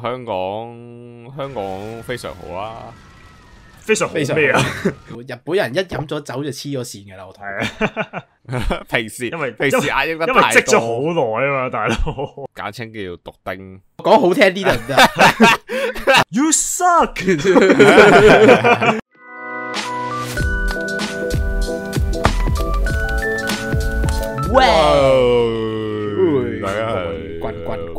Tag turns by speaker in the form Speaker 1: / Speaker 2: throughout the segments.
Speaker 1: 香港香港非常好啊！
Speaker 2: 非常好非常咩啊？麼 日本人一飲咗酒就黐咗線嘅啦，我睇啊！
Speaker 1: 平時，因為平時壓抑得太多，積咗好耐啊嘛，大佬！簡稱叫做「毒丁」，講好聽啲就
Speaker 3: ，you suck！
Speaker 1: 晚安，
Speaker 2: 晚安，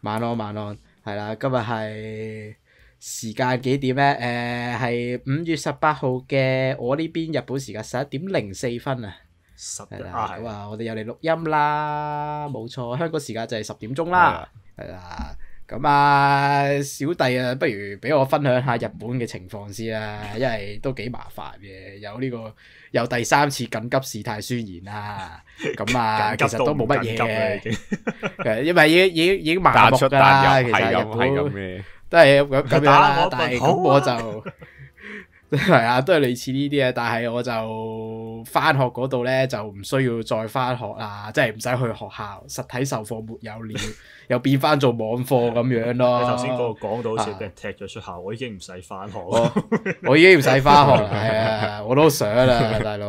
Speaker 2: 晚安，晚安，係啦。今日係時間幾點咧？誒、呃，係五月十八號嘅我呢邊日本時間十一點零四分啊。十一啊，好啊的，我哋又嚟錄音啦，冇錯，香港時間就係十點鐘啦，
Speaker 4: 係啦的。
Speaker 2: 咁啊，小弟啊，不如俾我分享下日本嘅情況先啦，啊，因為都幾麻煩嘅，有呢、呢個有第三次緊急事態宣言啦。咁啊，啊急其實都冇乜嘢嘅，經因為已經已經已經麻木㗎喇。其實日本都係咁咁樣啦，但係我就係啊，都係類似呢啲嘅。但係我就返學嗰度咧，就唔需要再返學啊，即係唔使去學校實體授課，沒有了。 又變翻做網課咁樣咯。你頭先嗰個講到好似
Speaker 3: 俾人踢咗出校，我已經唔使返學，我已經唔使返學。係啊，
Speaker 2: 我都想啦，大佬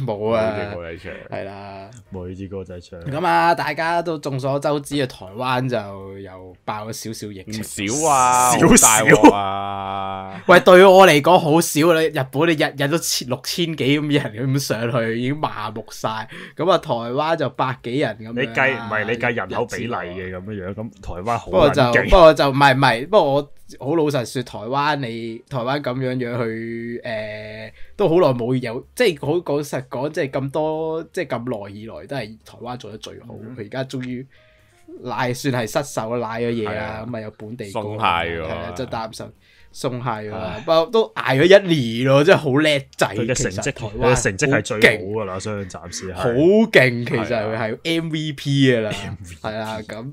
Speaker 2: 冇啊。
Speaker 3: 係啦，冇呢支歌仔唱。咁啊，
Speaker 2: 大家都眾所周知啊，台灣就
Speaker 3: 又爆
Speaker 2: 咗少少疫情。少啊，少大鑊啊。
Speaker 3: 喂，
Speaker 2: 對我嚟講好少。你日本你日日都千六千幾咁人咁上去，已經麻木晒。咁啊，台灣就百幾人咁樣。你計唔係你計人口比例
Speaker 3: 嘅咁樣。咁台灣好，不過就不過就唔係唔係，
Speaker 2: 不過我好老實説，台灣你台灣咁樣樣去誒，都好耐冇有，即係好講實講，即係咁多即係咁耐以來都係台灣做得最好。佢而家終於賴算係失手賴咗嘢啦，咁咪有本地鬆懈喎，真擔心鬆懈喎，不過都挨咗一年咯，真係好叻仔。佢嘅成績，台灣成績係最勁
Speaker 3: 噶啦，所以暫時係好
Speaker 2: 勁，其實佢係 MVP 噶啦，係啊咁。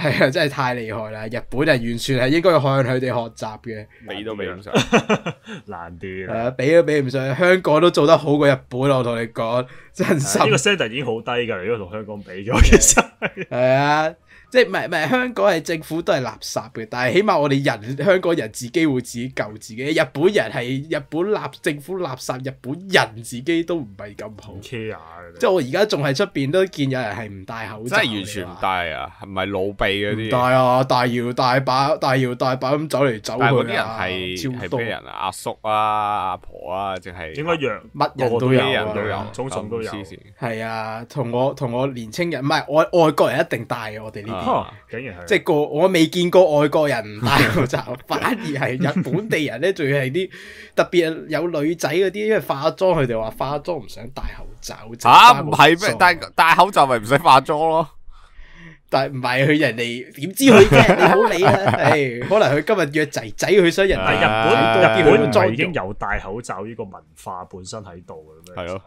Speaker 2: 係啊，真係太厲害啦！日本係完全係應該要向佢哋學習嘅，你都
Speaker 1: 未唔上， 難斷了。係啊，
Speaker 2: 比都比唔上，香港都做得好過日本。嗯、我同你講，真心、啊呢個 set
Speaker 3: 已經好低噶喇，如果同香港比咗，其實係啊。 即係唔係唔係
Speaker 2: 香港係政府都係垃圾嘅，但係起碼我哋人香港人自己會自己救自己。日本人係日本垃政府垃圾，日本人自己都唔係咁好。即係我而家仲係出邊都見有人係唔戴
Speaker 1: 口罩，即係完全唔戴啊！係咪老弊嗰啲？戴啊！
Speaker 2: 大搖大擺，大搖大擺咁走嚟走去嗰啲人係係咩人
Speaker 1: 啊？阿叔啊，阿婆啊，淨係點一樣？乜人都有，啲人都有，種種都有。
Speaker 2: 係啊，同我同我年青人唔係外外國人一定戴我哋呢？哦、竟然係即係個我未見過外國人唔戴口罩， 反而係日本地人咧，仲要係啲特別有女仔嗰啲，因為化妝，佢哋話化妝唔想戴口罩。吓，唔係咩？戴戴口罩咪唔使化妝咯？ 但唔係佢人哋點知佢嘅？你唔好
Speaker 3: 理啊？係 可能佢今日約仔仔，佢想人。哋、啊、日本日本已經有戴口罩呢個文化本身喺度嘅啦。係咯。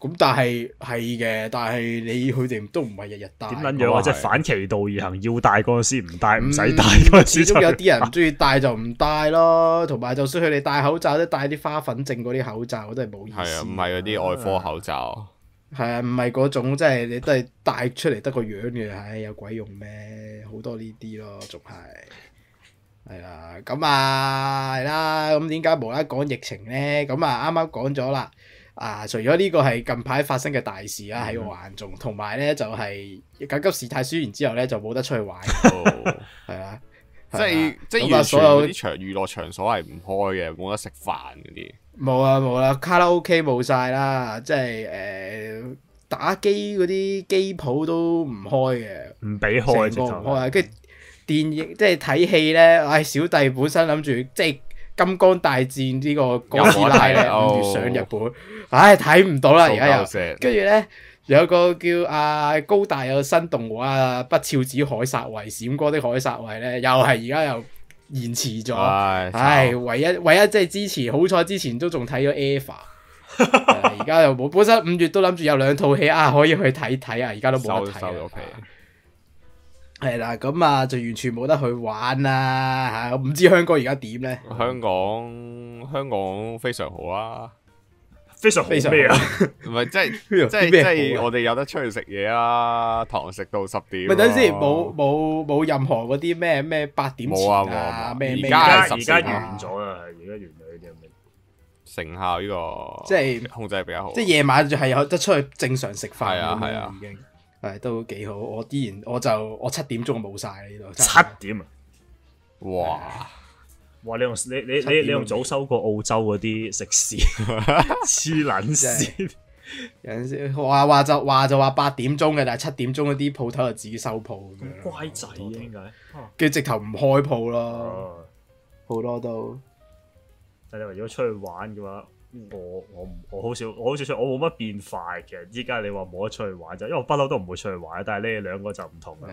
Speaker 3: 咁但係
Speaker 2: 係嘅，但係你佢哋都唔係日日戴。點樣啊？哦、即係反
Speaker 3: 其道而行，要戴嗰陣唔戴，唔使、嗯、戴。始終有啲
Speaker 2: 人唔中意戴就唔戴咯，同埋、啊、就算佢哋戴口罩都戴啲花粉症嗰啲口罩，都係冇意
Speaker 1: 思。係啊，唔係嗰啲外科口罩。
Speaker 2: 係啊，唔係嗰種，即係你都係戴出嚟得個樣嘅，唉、哎，有鬼用咩？好多呢啲咯，仲係係啊，咁啊係啦。咁點解無啦啦講疫情咧？咁啊，啱啱講咗啦。啊！除咗呢個係近排發生嘅大事啦，喺我眼中，同埋咧就係、是、緊急事態輸完之後咧，就冇得出去玩，係 啊！啊
Speaker 1: 啊即係即係，所有場娛樂場所係唔開嘅，冇得食飯嗰啲。
Speaker 2: 冇啦冇啦，卡拉 OK 冇晒啦，即係誒、呃、打機嗰啲機鋪都唔開嘅，
Speaker 1: 唔
Speaker 3: 俾開，全部唔
Speaker 2: 開。跟住電影即係睇戲咧，唉、就是哎，小弟本身諗住即係。金剛大戰呢個哥斯拉咧，五、 哦、月上日本，唉睇唔到啦！而家又跟住咧有個叫阿、啊、高達有新動畫《不肖子海薩維閃光的海薩維》咧，又係而家又延遲咗。哎、唉，唯一唯一即係之前好彩之前都仲睇咗 Eva，而家又冇本身五月都諗住有兩套戲啊可以去睇睇啊，而家都冇得睇。係啦，咁啊就完全冇得去玩啦吓！我唔知香港而家點咧？
Speaker 1: 香港香港非常好啊，非常非常咩啊？唔係即係即係即係我哋有得出去食嘢啊，堂食到十點。咪等先，冇
Speaker 4: 冇
Speaker 2: 冇任何嗰啲咩咩八點前啊咩咩。而家完咗啊！而家完
Speaker 1: 咗呢啲咩？成效呢個即係控制比較好，即係夜
Speaker 2: 晚就係有得出去正常食飯。係啊係啊，誒，都幾好，我依然，我就我七點鐘冇晒
Speaker 3: 呢度。七點啊！哇哇，你用你你你你用早收過澳洲嗰啲食肆？黐捻線。有陣時
Speaker 2: 話話就話就話八點鐘嘅，但係七點鐘嗰啲鋪頭就自己收鋪
Speaker 3: 咁乖仔點解？跟住直
Speaker 2: 頭唔開鋪啦，好多都。
Speaker 3: 但你話如果出去玩嘅話。我我我好少我好少出我冇乜變化嘅。其實依家你話冇得出去玩，就因為我不嬲都唔會出去玩。但係你兩個就唔同啦。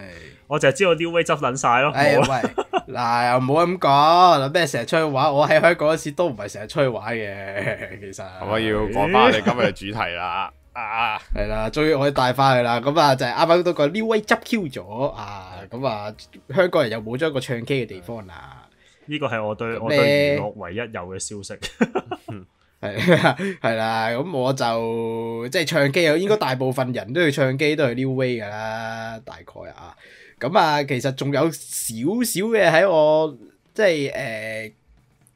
Speaker 3: 我就係知 Neway 執捻晒咯。哎喂，嗱又
Speaker 2: 唔好咁講，嗱咩成日出去玩？我喺香港嗰時都唔係成日出去玩嘅。其實我要改翻你今日嘅主
Speaker 3: 題啦。啊，
Speaker 2: 係啦，終於可以帶翻去啦。咁啊，就係啱啱都講 Neway 執 Q 咗啊。咁啊，香港人又冇咗一個唱 K 嘅地方啦。呢個係我對我對娛樂
Speaker 3: 唯一有嘅消息。
Speaker 2: 係係啦，咁 我就即係唱 K 啊，應該大部分人都去唱 K 都係 New Way 噶啦，大概啊。咁啊，其實仲有少少嘅喺我即係誒、呃、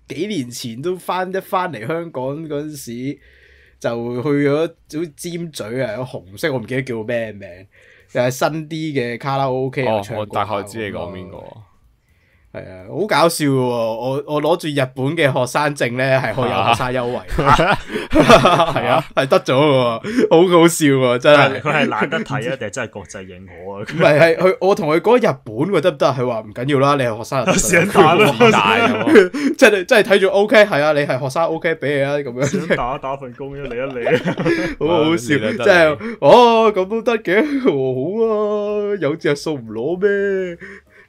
Speaker 2: 幾年前都返一返嚟香港嗰陣時，就去咗尖咀啊，有紅色我唔記得叫咩名，又、就、係、是、新啲嘅卡拉 OK、哦、唱歌。我大概知你講邊個。係啊，好搞笑喎！我我攞住日本嘅學生證
Speaker 3: 咧，係可以有學生優惠，
Speaker 2: 係啊，係得咗嘅喎，好好笑啊！笑真係佢係懶得睇啊，定
Speaker 3: 係真係國際認可啊？唔係係
Speaker 2: 佢，我同佢講日本得唔得？啊，佢話唔緊要啦，你係學生，想打都打，即係即係睇住 O K，係啊，你係學生 O K，俾你啊，咁樣打打份工，你一你！好好笑，即係哦，咁都得嘅， 好啊，有隻數唔攞咩？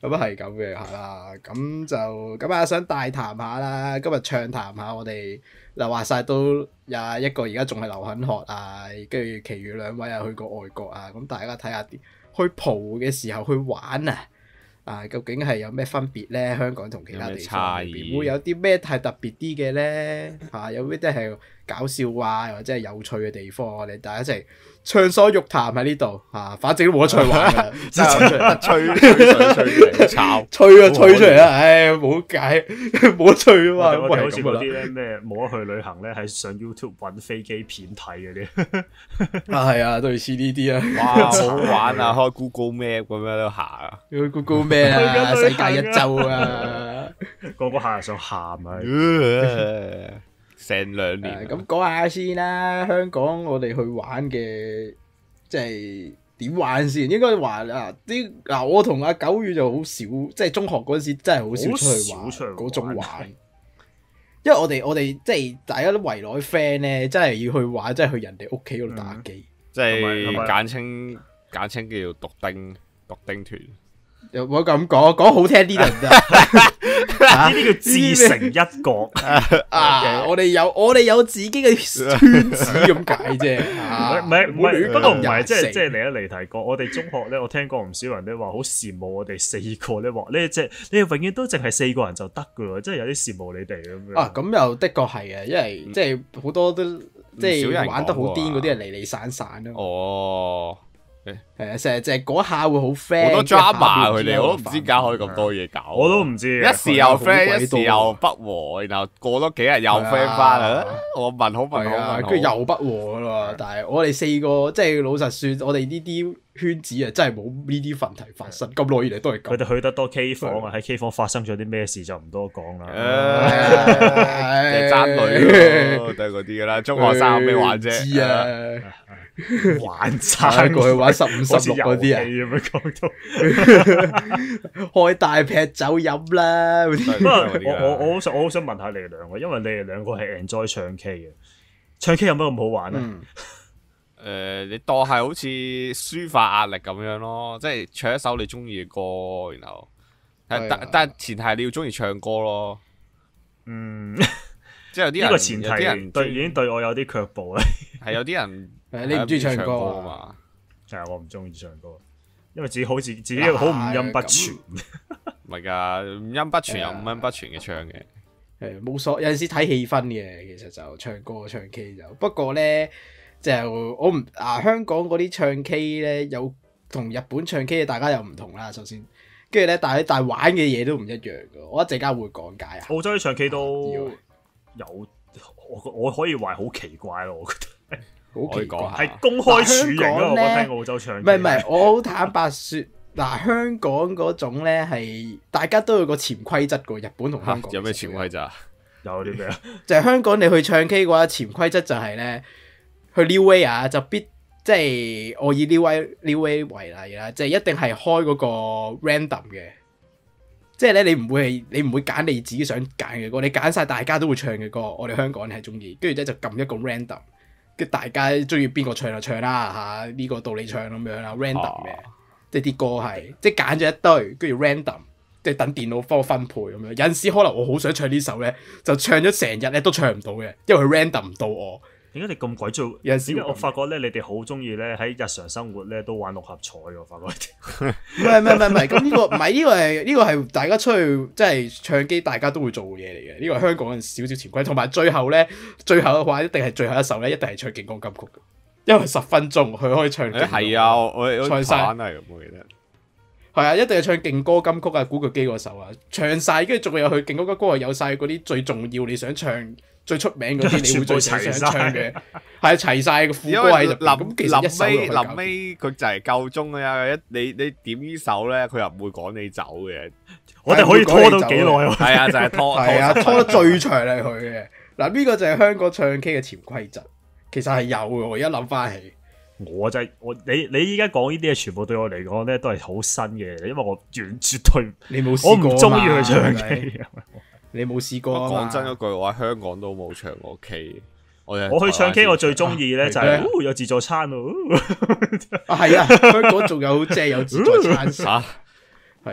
Speaker 2: 咁係咁嘅係啦，咁就咁啊！想大談下啦，今日暢談下我哋，嗱話晒都啊，一個而家仲係留緊學啊，跟住其餘兩位啊，去過外國啊，咁大家睇下去蒲嘅時候去玩啊，啊，究竟係有咩分別咧？香港同其他地方差異會有啲咩太特別啲嘅咧？嚇、 啊、有咩啲係？搞笑啊，又或者係有趣嘅地方，我哋大家一齊暢所欲談喺呢度吓。反正冇得吹，吹吹吹吹
Speaker 1: 吹，
Speaker 3: 吹啊吹出嚟啦！唉，冇計，冇得吹啊嘛。我哋好似嗰啲咧咩冇得去旅行咧，係上 YouTube 搵飛機片睇嗰啲。啊，
Speaker 2: 係
Speaker 1: 啊，都要試呢啲啊！哇，好玩啊，開
Speaker 3: Google Map 咁樣都行啊，Google Map 啊，世界一周啊，個個下又想行啊。
Speaker 1: 成兩年，咁
Speaker 2: 講、呃、下先啦。香港我哋去玩嘅，即係點玩先？應該話啊啲嗱，我同阿九宇就好少，即係中學嗰陣時真係好少出去玩嗰種玩。因為我哋我哋即係大家都圍內 friend 咧，真係要去玩，真係去人哋屋企嗰度打機、嗯，即
Speaker 1: 係簡稱簡稱叫做獨丁獨丁團。唔
Speaker 2: 好咁講，講好聽啲唔得？ 呢啲叫自成一
Speaker 1: 角，
Speaker 2: 啊！ 我哋有我哋有自己嘅圈
Speaker 4: 子
Speaker 3: 咁解啫。唔係唔係，不過唔係即係即係嚟一離題講。我哋中學咧，我聽過唔少人咧話好羨慕我哋四個咧話你即係、即係、你永遠都淨係四個人就得噶啦，即係有啲羨慕你哋咁啊。咁又的確係嘅，因為即係好多都、嗯、即係玩得好癲嗰啲人離離散散咯。
Speaker 1: 哦。誒，
Speaker 2: 成日就係嗰下會好 friend，好多 drama，佢哋，我都唔知
Speaker 1: 點解可以咁多嘢搞。我都唔知，一時又 friend，一時又不和，然後過多幾日又 friend 翻啦。我問好問好，跟住又
Speaker 2: 不和咯。但係我哋四個，即係老實說，我哋呢啲圈子啊，真係冇呢啲問題發生，咁耐以嚟都係。佢哋去
Speaker 3: 得多 K 房啊，喺 K 房發生咗啲咩事就唔多講啦。爭女都係嗰啲噶啦，中學生有咩話啫？
Speaker 2: 玩差過去玩十五十六嗰啲人咁
Speaker 3: 樣講到，開大劈酒飲啦啲。我我我好想我好想問下你哋兩個，因為你哋兩個係 enjoy 唱 K 嘅，唱 K 有乜咁好玩咧？
Speaker 1: 誒，你當係好似抒發壓力咁樣咯，即係唱一首你中意嘅歌，然後但但前提你要中意唱歌咯。嗯，即係有啲人個前提對已
Speaker 3: 經對我有啲卻步啦，係有啲人。誒、啊，你唔中意唱歌
Speaker 1: 啊嘛？係啊，我唔中意唱歌，
Speaker 3: 因為自己好自自己好、啊、五音不全。
Speaker 1: 唔係噶，五音不全有五音不全嘅唱嘅。
Speaker 2: 誒，冇所，有陣時睇氣氛嘅，其實就唱歌、唱 K 就。不過咧，就我唔啊，香港嗰啲唱 K 咧，有同日本唱 K 嘅大家又唔同啦。首先，跟住咧，但係但係玩嘅嘢都唔一樣噶。我一陣間會講解
Speaker 3: 啊。澳洲唱 K 都有，到 有，我我可以話好奇怪咯，我覺得。好奇怪，係公開處刑我聽澳洲唱，唔係唔係，
Speaker 2: 我好坦白説，嗱 香港嗰種咧係大家都有個潛規則噶。日本同香
Speaker 1: 港 有咩潛規則？有啲咩？
Speaker 2: 就係香港你去唱 K 嘅話，潛規則就係、是、咧，去 Neway w 啊，就必即係我以 Neway Neway 為例啦，即、就、係、是、一定係開嗰個 random 嘅，即係咧你唔會係你唔會揀你自己想揀嘅歌，你揀晒大家都會唱嘅歌。我哋香港人係中意，跟住咧就撳一個 random。即係大家中意邊個唱就唱啦嚇，呢、啊這個道理唱咁樣啦，random 嘅，即係啲歌係即係揀咗一堆，跟住 random，即係等電腦科分配咁樣。有時可能我好想唱呢首咧，就唱咗成日咧
Speaker 3: 都唱唔到嘅，因為佢 random 唔到我。點解你咁鬼做？有時我發覺咧，你哋好中意咧喺日常生活咧都玩六合彩，我發覺唔係、唔係、唔係，咁 呢、 呢個唔係，
Speaker 2: 呢個係呢、呢個係大家出去即係、就是、唱機，大家都會做嘅嘢嚟嘅。呢、呢個係香港人少少潛規，同埋最後咧，最後嘅話一定係最後一首咧，一定係唱勁歌金曲，因為十分鐘佢可以唱。係
Speaker 1: 啊，我蔡生係咁，我記得
Speaker 2: 係啊，一定係唱勁歌金曲、哎、啊，古巨基嗰首啊，唱曬，跟住仲有佢勁歌金曲啊，有曬嗰啲最重要你想唱。最出名嗰啲，你會再齊晒唱嘅，係啊，齊晒個副歌係臨臨尾，臨尾
Speaker 1: 佢就係夠鐘嘅呀！一你你點呢首咧，佢又唔會趕你走嘅。我哋可以拖到幾耐？係啊，就係拖，係啊，拖得最長係佢
Speaker 3: 嘅。嗱，呢個就係香港唱 K 嘅潛規則。其實係有嘅。我而家諗翻起，我就係我你你依家講呢啲嘢，全部對我嚟講咧都係好新嘅，因為我完全絕對你冇我唔中意去唱 K 你冇試過？講真
Speaker 1: 一句話，香港都冇唱過 K。我去唱 K，我最中意咧就係
Speaker 3: 有自助餐咯。啊，係啊，香港仲有即係有自助餐食。係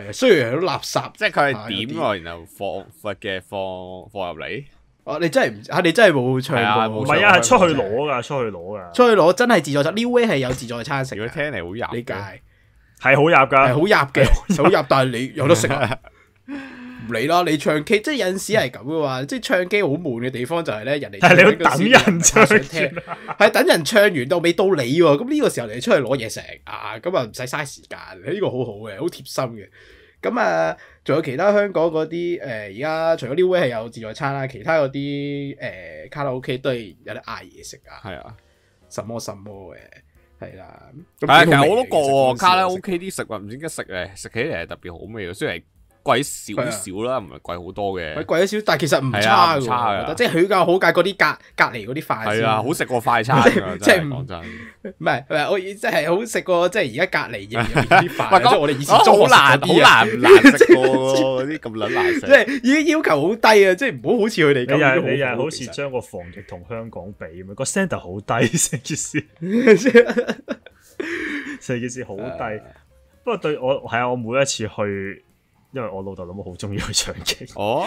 Speaker 3: 啊，雖然
Speaker 1: 係都垃圾，即係佢係點咯，然後放佛嘅放放入嚟。哦，你真
Speaker 2: 係唔吓，
Speaker 3: 你真係冇唱啊，唔係啊，係出去攞噶，出去攞噶，
Speaker 2: 出去攞真係自助餐。Neway 係有自助餐食。如果聽嚟好入呢間，係好入噶，係好入嘅，好入，但係你有得食。你啦，你唱 K 即係有陣時係咁嘅話，即係唱 K 好悶嘅地方就係咧人哋等人唱，係 等人唱完到尾到你喎，咁呢個時候你出去攞嘢食啊，咁啊唔使嘥時間，呢、這個好好嘅，好貼心嘅。咁啊，仲有其他香港嗰啲誒，而、呃、家除咗 Neway 係有自助餐啦，其他嗰啲誒卡拉 OK 都係有得嗌嘢食啊，係啊，什麼什麼嘅，係啦、啊，係、啊、其實好多個喎，卡
Speaker 1: 拉 OK 啲食物唔知點解食誒，食起嚟係特別好味喎，雖然。貴少少啦，唔係貴好多嘅。貴咗少，但係其實唔差嘅，即係佢
Speaker 2: 教好解嗰啲隔隔籬嗰啲飯係啊，好食過快餐。即係講
Speaker 1: 真，
Speaker 2: 唔係唔係我即係好食過，即係而家隔籬
Speaker 3: 型
Speaker 1: 啲飯，即係我哋以前好
Speaker 2: 難好難難食
Speaker 3: 過啲咁撚難食。即係已經要求好低啊，即係唔好好似佢哋咁。你好似將個防疫同香港比咁啊？個 standard 好低，成件事成件事好低。不過對我係啊，我每一次去。因為我老豆老母好中意去唱 K，我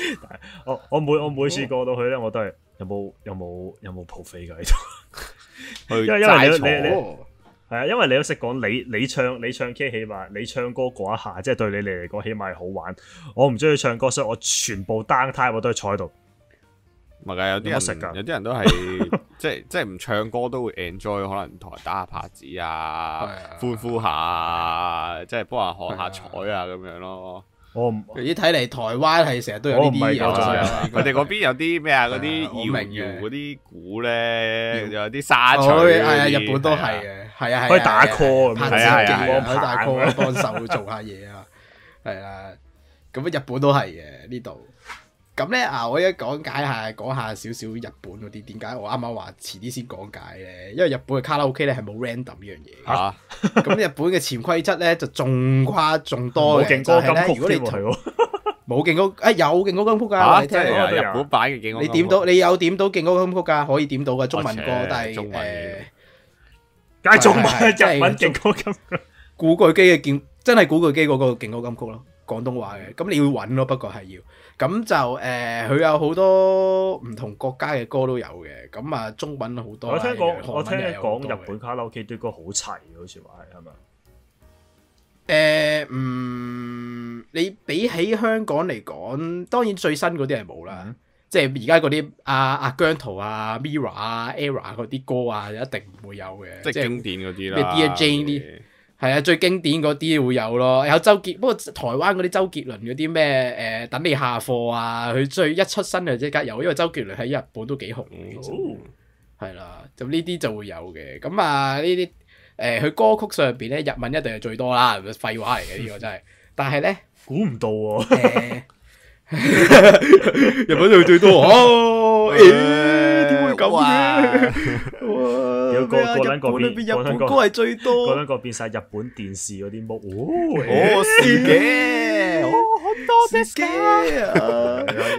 Speaker 3: 我我每我每次過到去咧，我都係有冇有冇有冇鋪飛噶喺度，
Speaker 4: 去齋坐。
Speaker 3: 係啊，因為你都識講，你你唱你唱 K 起碼你唱歌嗰一下，即係對你嚟嚟講起碼係好玩。我唔中意唱歌，所以我全部 down time 我都係坐喺度。咪噶有
Speaker 1: 啲人，有啲人都係即係即係唔唱歌都會 enjoy，可能同人打下拍子啊，歡呼下，即係幫人學下彩啊咁樣咯。
Speaker 2: 我唔，依睇嚟台灣係成日都有呢啲嘢啊！
Speaker 1: 我哋嗰邊有啲咩啊？嗰啲遙遙嗰啲鼓咧，有啲沙場，係啊！日本都係嘅，係啊係。可以打 call，拍攝激可以打 call 幫手做下嘢啊！
Speaker 2: 係啊，咁日本都係嘅呢度。咁咧啊，我而家講解下，講下少少日本嗰啲。點解我啱啱話遲啲先講解咧，因為日本嘅卡拉 OK 咧係冇 random 呢樣嘢嘅。嚇！咁日本嘅潛規則咧就仲誇仲多嘅，係咧。如果你冇勁歌金曲冇勁歌啊，有勁歌金曲㗎，你聽日本
Speaker 1: 版嘅勁歌。你點到
Speaker 2: 你有點到勁歌金曲㗎，可以點到嘅中文歌，但係誒，梗係中文日文勁歌金曲，古巨基嘅勁真係古巨基嗰個勁歌金曲咯，廣東話嘅。咁你要揾咯，不過係要。咁就誒，佢、呃、有好多唔同國家嘅歌都有嘅。咁啊，中文好多。我聽，過我聽講，我聽講日
Speaker 3: 本卡拉 OK 啲歌好齊，好似話係係咪？誒、
Speaker 2: 呃，嗯，你比起香港嚟講，當然最新嗰啲係冇啦。嗯、即係而家嗰啲阿阿姜濤啊、啊、Mirror 啊、Era 嗰啲歌啊，一定唔
Speaker 1: 會有嘅。即係經典嗰啲啦，DJ
Speaker 2: 啲。係啊，最經典嗰啲會有咯，有周杰，不過台灣嗰啲周杰倫嗰啲咩，誒等你下課啊，佢最一出生就即刻有，因為周杰倫喺日本都幾紅嘅，係啦、哦，就呢啲就會有嘅。咁啊呢啲誒佢歌曲上邊咧日文一定係最多啦，廢話嚟嘅 呢個真係，但係咧
Speaker 3: 估唔到喎，日本就最多、啊 呃咁 啊！有個日本裡邊，日本歌係最多。個撚個變曬日本電視嗰啲屋，哦，是嘅，
Speaker 4: 好多隻嘅。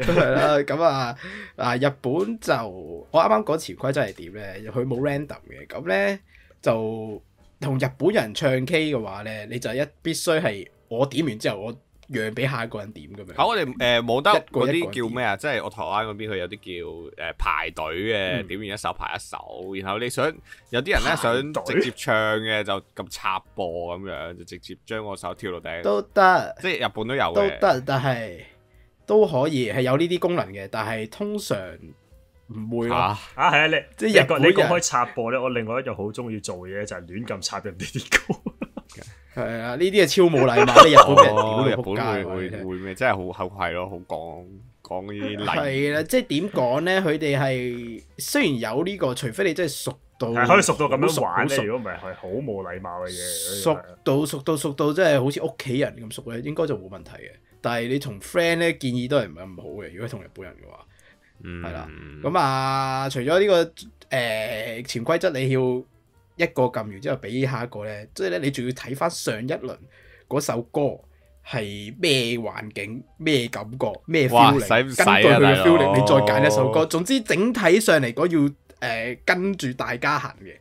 Speaker 2: 係、哎、啦，咁、哎哎、啊，啊日本就我啱啱講潛規則係點咧，佢冇 random 嘅。咁咧就同日本人唱 K 嘅話咧，你就一必須係我點完之後我。讓俾下一個人點咁
Speaker 1: 樣，樣。好，我哋誒冇得嗰啲叫咩啊？一個一個即係我台灣嗰邊佢有啲叫誒排隊嘅，嗯、點完一首排一首。然後你想有啲人咧隊想直接唱嘅，就撳插播咁樣，就直接將個手跳到頂。都得行，即係日本都有都得，
Speaker 2: 但係都可以係有呢啲功能嘅，但係通常唔會咯。
Speaker 3: 啊，係啊，你即係日國呢個可以插播咧。我另外一樣好中意做嘅嘢就係、是、亂咁插人哋啲歌。
Speaker 2: 係啊，呢啲係超冇禮貌嘅日本人。如果、哦、日本會 會
Speaker 1: 會咩，真係好後悔咯，好講講呢啲禮。係
Speaker 2: 啦，即係點講咧？佢哋係雖然有呢、這個，除非你真係熟到，係可以熟到咁樣玩咧。如果
Speaker 3: 唔係，係好冇禮貌嘅嘢。熟
Speaker 2: 到熟到熟到，真係好似屋企人咁熟咧，應該就冇問題嘅。但係你同 friend 咧，建議都係唔係咁好嘅。嗯、如果同日本人嘅話，係啦。咁、嗯、啊、嗯， 除咗呢個誒潛規則，你、呃、要。呃一個撳完之後，俾下一個呢，即係咧，你仲要睇翻上一輪嗰首歌係咩環境、咩感覺、咩 feel 嚟，用用啊、根據佢嘅 feel 嚟，你再揀一首歌。總之整體上嚟講，要、呃、誒跟住大家行嘅。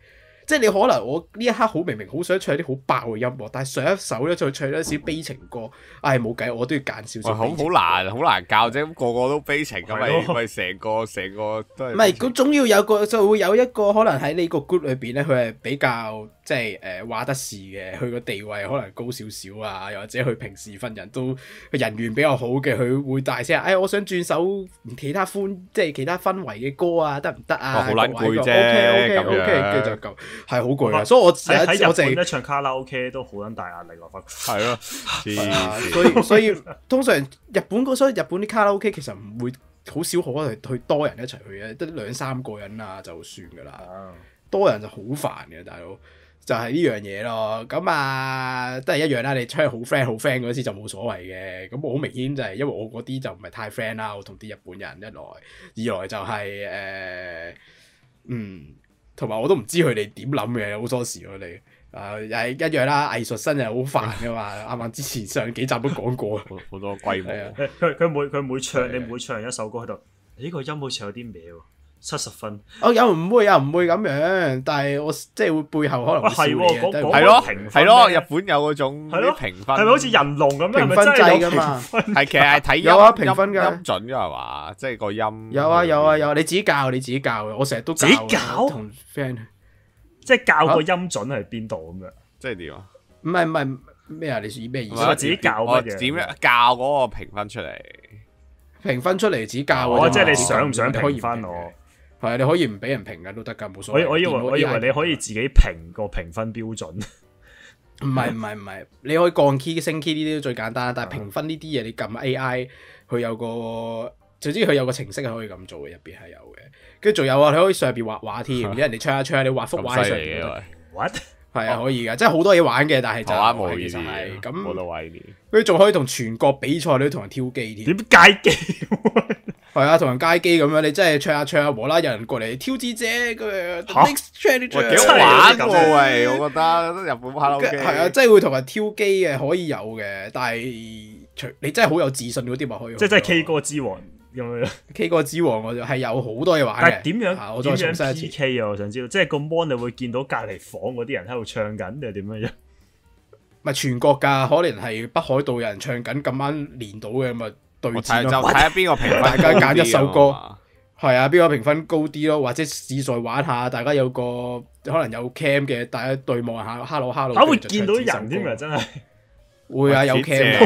Speaker 2: 即係你可能我呢一刻好明明好想唱啲好爆嘅音樂，但係上一首咧就唱咗啲悲情歌。唉、哎，冇計，我都要
Speaker 1: 揀少少。好，好難，好難教啫。個個都悲情咁咪咪，成 個成個都係。唔係，
Speaker 2: 咁總要有個就會有一個可能喺呢個 group 裏邊咧，佢係比較。即係誒話得事嘅，佢個地位可能高少少啊，又或者佢平時份人都人緣比較好嘅，佢會大聲。哎，我想轉首其他氛，即係其他氛圍嘅歌
Speaker 3: 啊，得唔得啊？好攰啫，OK，OK，OK，跟住就咁
Speaker 2: 樣。係好攰啊！所以我
Speaker 3: 有時一齊唱卡拉 OK 都好撚大壓力喎。係咯，所以所以
Speaker 2: 通常日本個，所以日本啲卡拉 OK 其實唔會好少，好啊，係去多人一齊去啊，得兩三個人啊就算㗎啦。多人就好煩嘅，大佬。就係呢樣嘢咯，咁、嗯、啊都係一樣啦。你唱好 friend 好 friend 嗰時就冇所謂嘅，咁我好明顯就係、是、因為我嗰啲就唔係太 friend 啦。我同啲日本人一來二來就係、是、誒、呃、嗯，同埋我都唔知佢哋點諗嘅，好多時佢哋啊又係一樣啦。藝術生又係好煩噶嘛。啱啱 之前上幾集都講過，好 多怪
Speaker 3: 佢、 欸、每佢每唱、欸、你每唱一首歌喺度，呢、欸、個音好似有啲咩喎。七十分，
Speaker 2: 哦，有唔會有唔會咁樣，但係我即係會背後可能會嘅嘢，係會咯，日
Speaker 1: 本有嗰種，係咯，評分，係咪好似人龍咁樣？評分制噶嘛，係其實係睇有啊，評分音準噶係嘛，即係個音。有啊
Speaker 2: 有啊有，啊，你自己教，你自己教嘅，我成日都自己教同 friend，即係教個
Speaker 1: 音準係邊度咁樣，即係點啊？唔
Speaker 2: 係唔係咩啊？你以咩意思？我自己教嘅，點咧？
Speaker 1: 教
Speaker 3: 嗰個評分出嚟，
Speaker 2: 評分出嚟自己教，我即係你想唔想推翻我？係，你可以唔俾人評嘅都得噶，冇所謂。我以為，我以為你
Speaker 3: 可以自己評個評分標準。唔係唔係
Speaker 2: 唔係，你可以降 key 升 key 呢啲，都最簡單。但係評分呢啲嘢，你撳 AI 佢有個，總之佢有個程式係可以咁做嘅，入邊係有嘅。跟住仲有啊，你可以上入邊畫畫添，而家人哋唱一唱，你畫幅畫出嚟。犀利嘅。What？係啊，可以噶，即係好多嘢玩嘅，但係就冇意
Speaker 1: 思。咁好多位你，
Speaker 2: 佢仲可以同全國比賽，你都同人挑機添。點解機？係啊，同人街機咁樣，你真係唱下唱下，無啦有人過嚟挑戰者咁樣，
Speaker 1: 吓哇蛤，幾好玩喎！欸、喂，我覺得日本卡拉 OK 係啊，
Speaker 2: 真係會同人挑機嘅，可以有嘅。但係除你真
Speaker 3: 係好有自信嗰啲，咪可以。即係真係 K 歌之王咁樣，K 歌之王，有冇，K 歌之王我就係有好多嘢玩。但係點樣？點、啊、樣 PK 啊？我想知道，即係個 mon 你會見到隔籬房嗰啲人喺度唱緊，定係點樣？唔係全國噶，可能係北海道有人唱緊，咁啱
Speaker 2: 連到嘅咪。 就睇下邊個評分，大家揀一首歌，係啊，邊個評分高啲咯，或者試在玩下，大家有個可能有 cam 嘅，大家對望下，Hello，Hello，會見
Speaker 3: 到人添啊，真係
Speaker 2: 會啊，有 cam，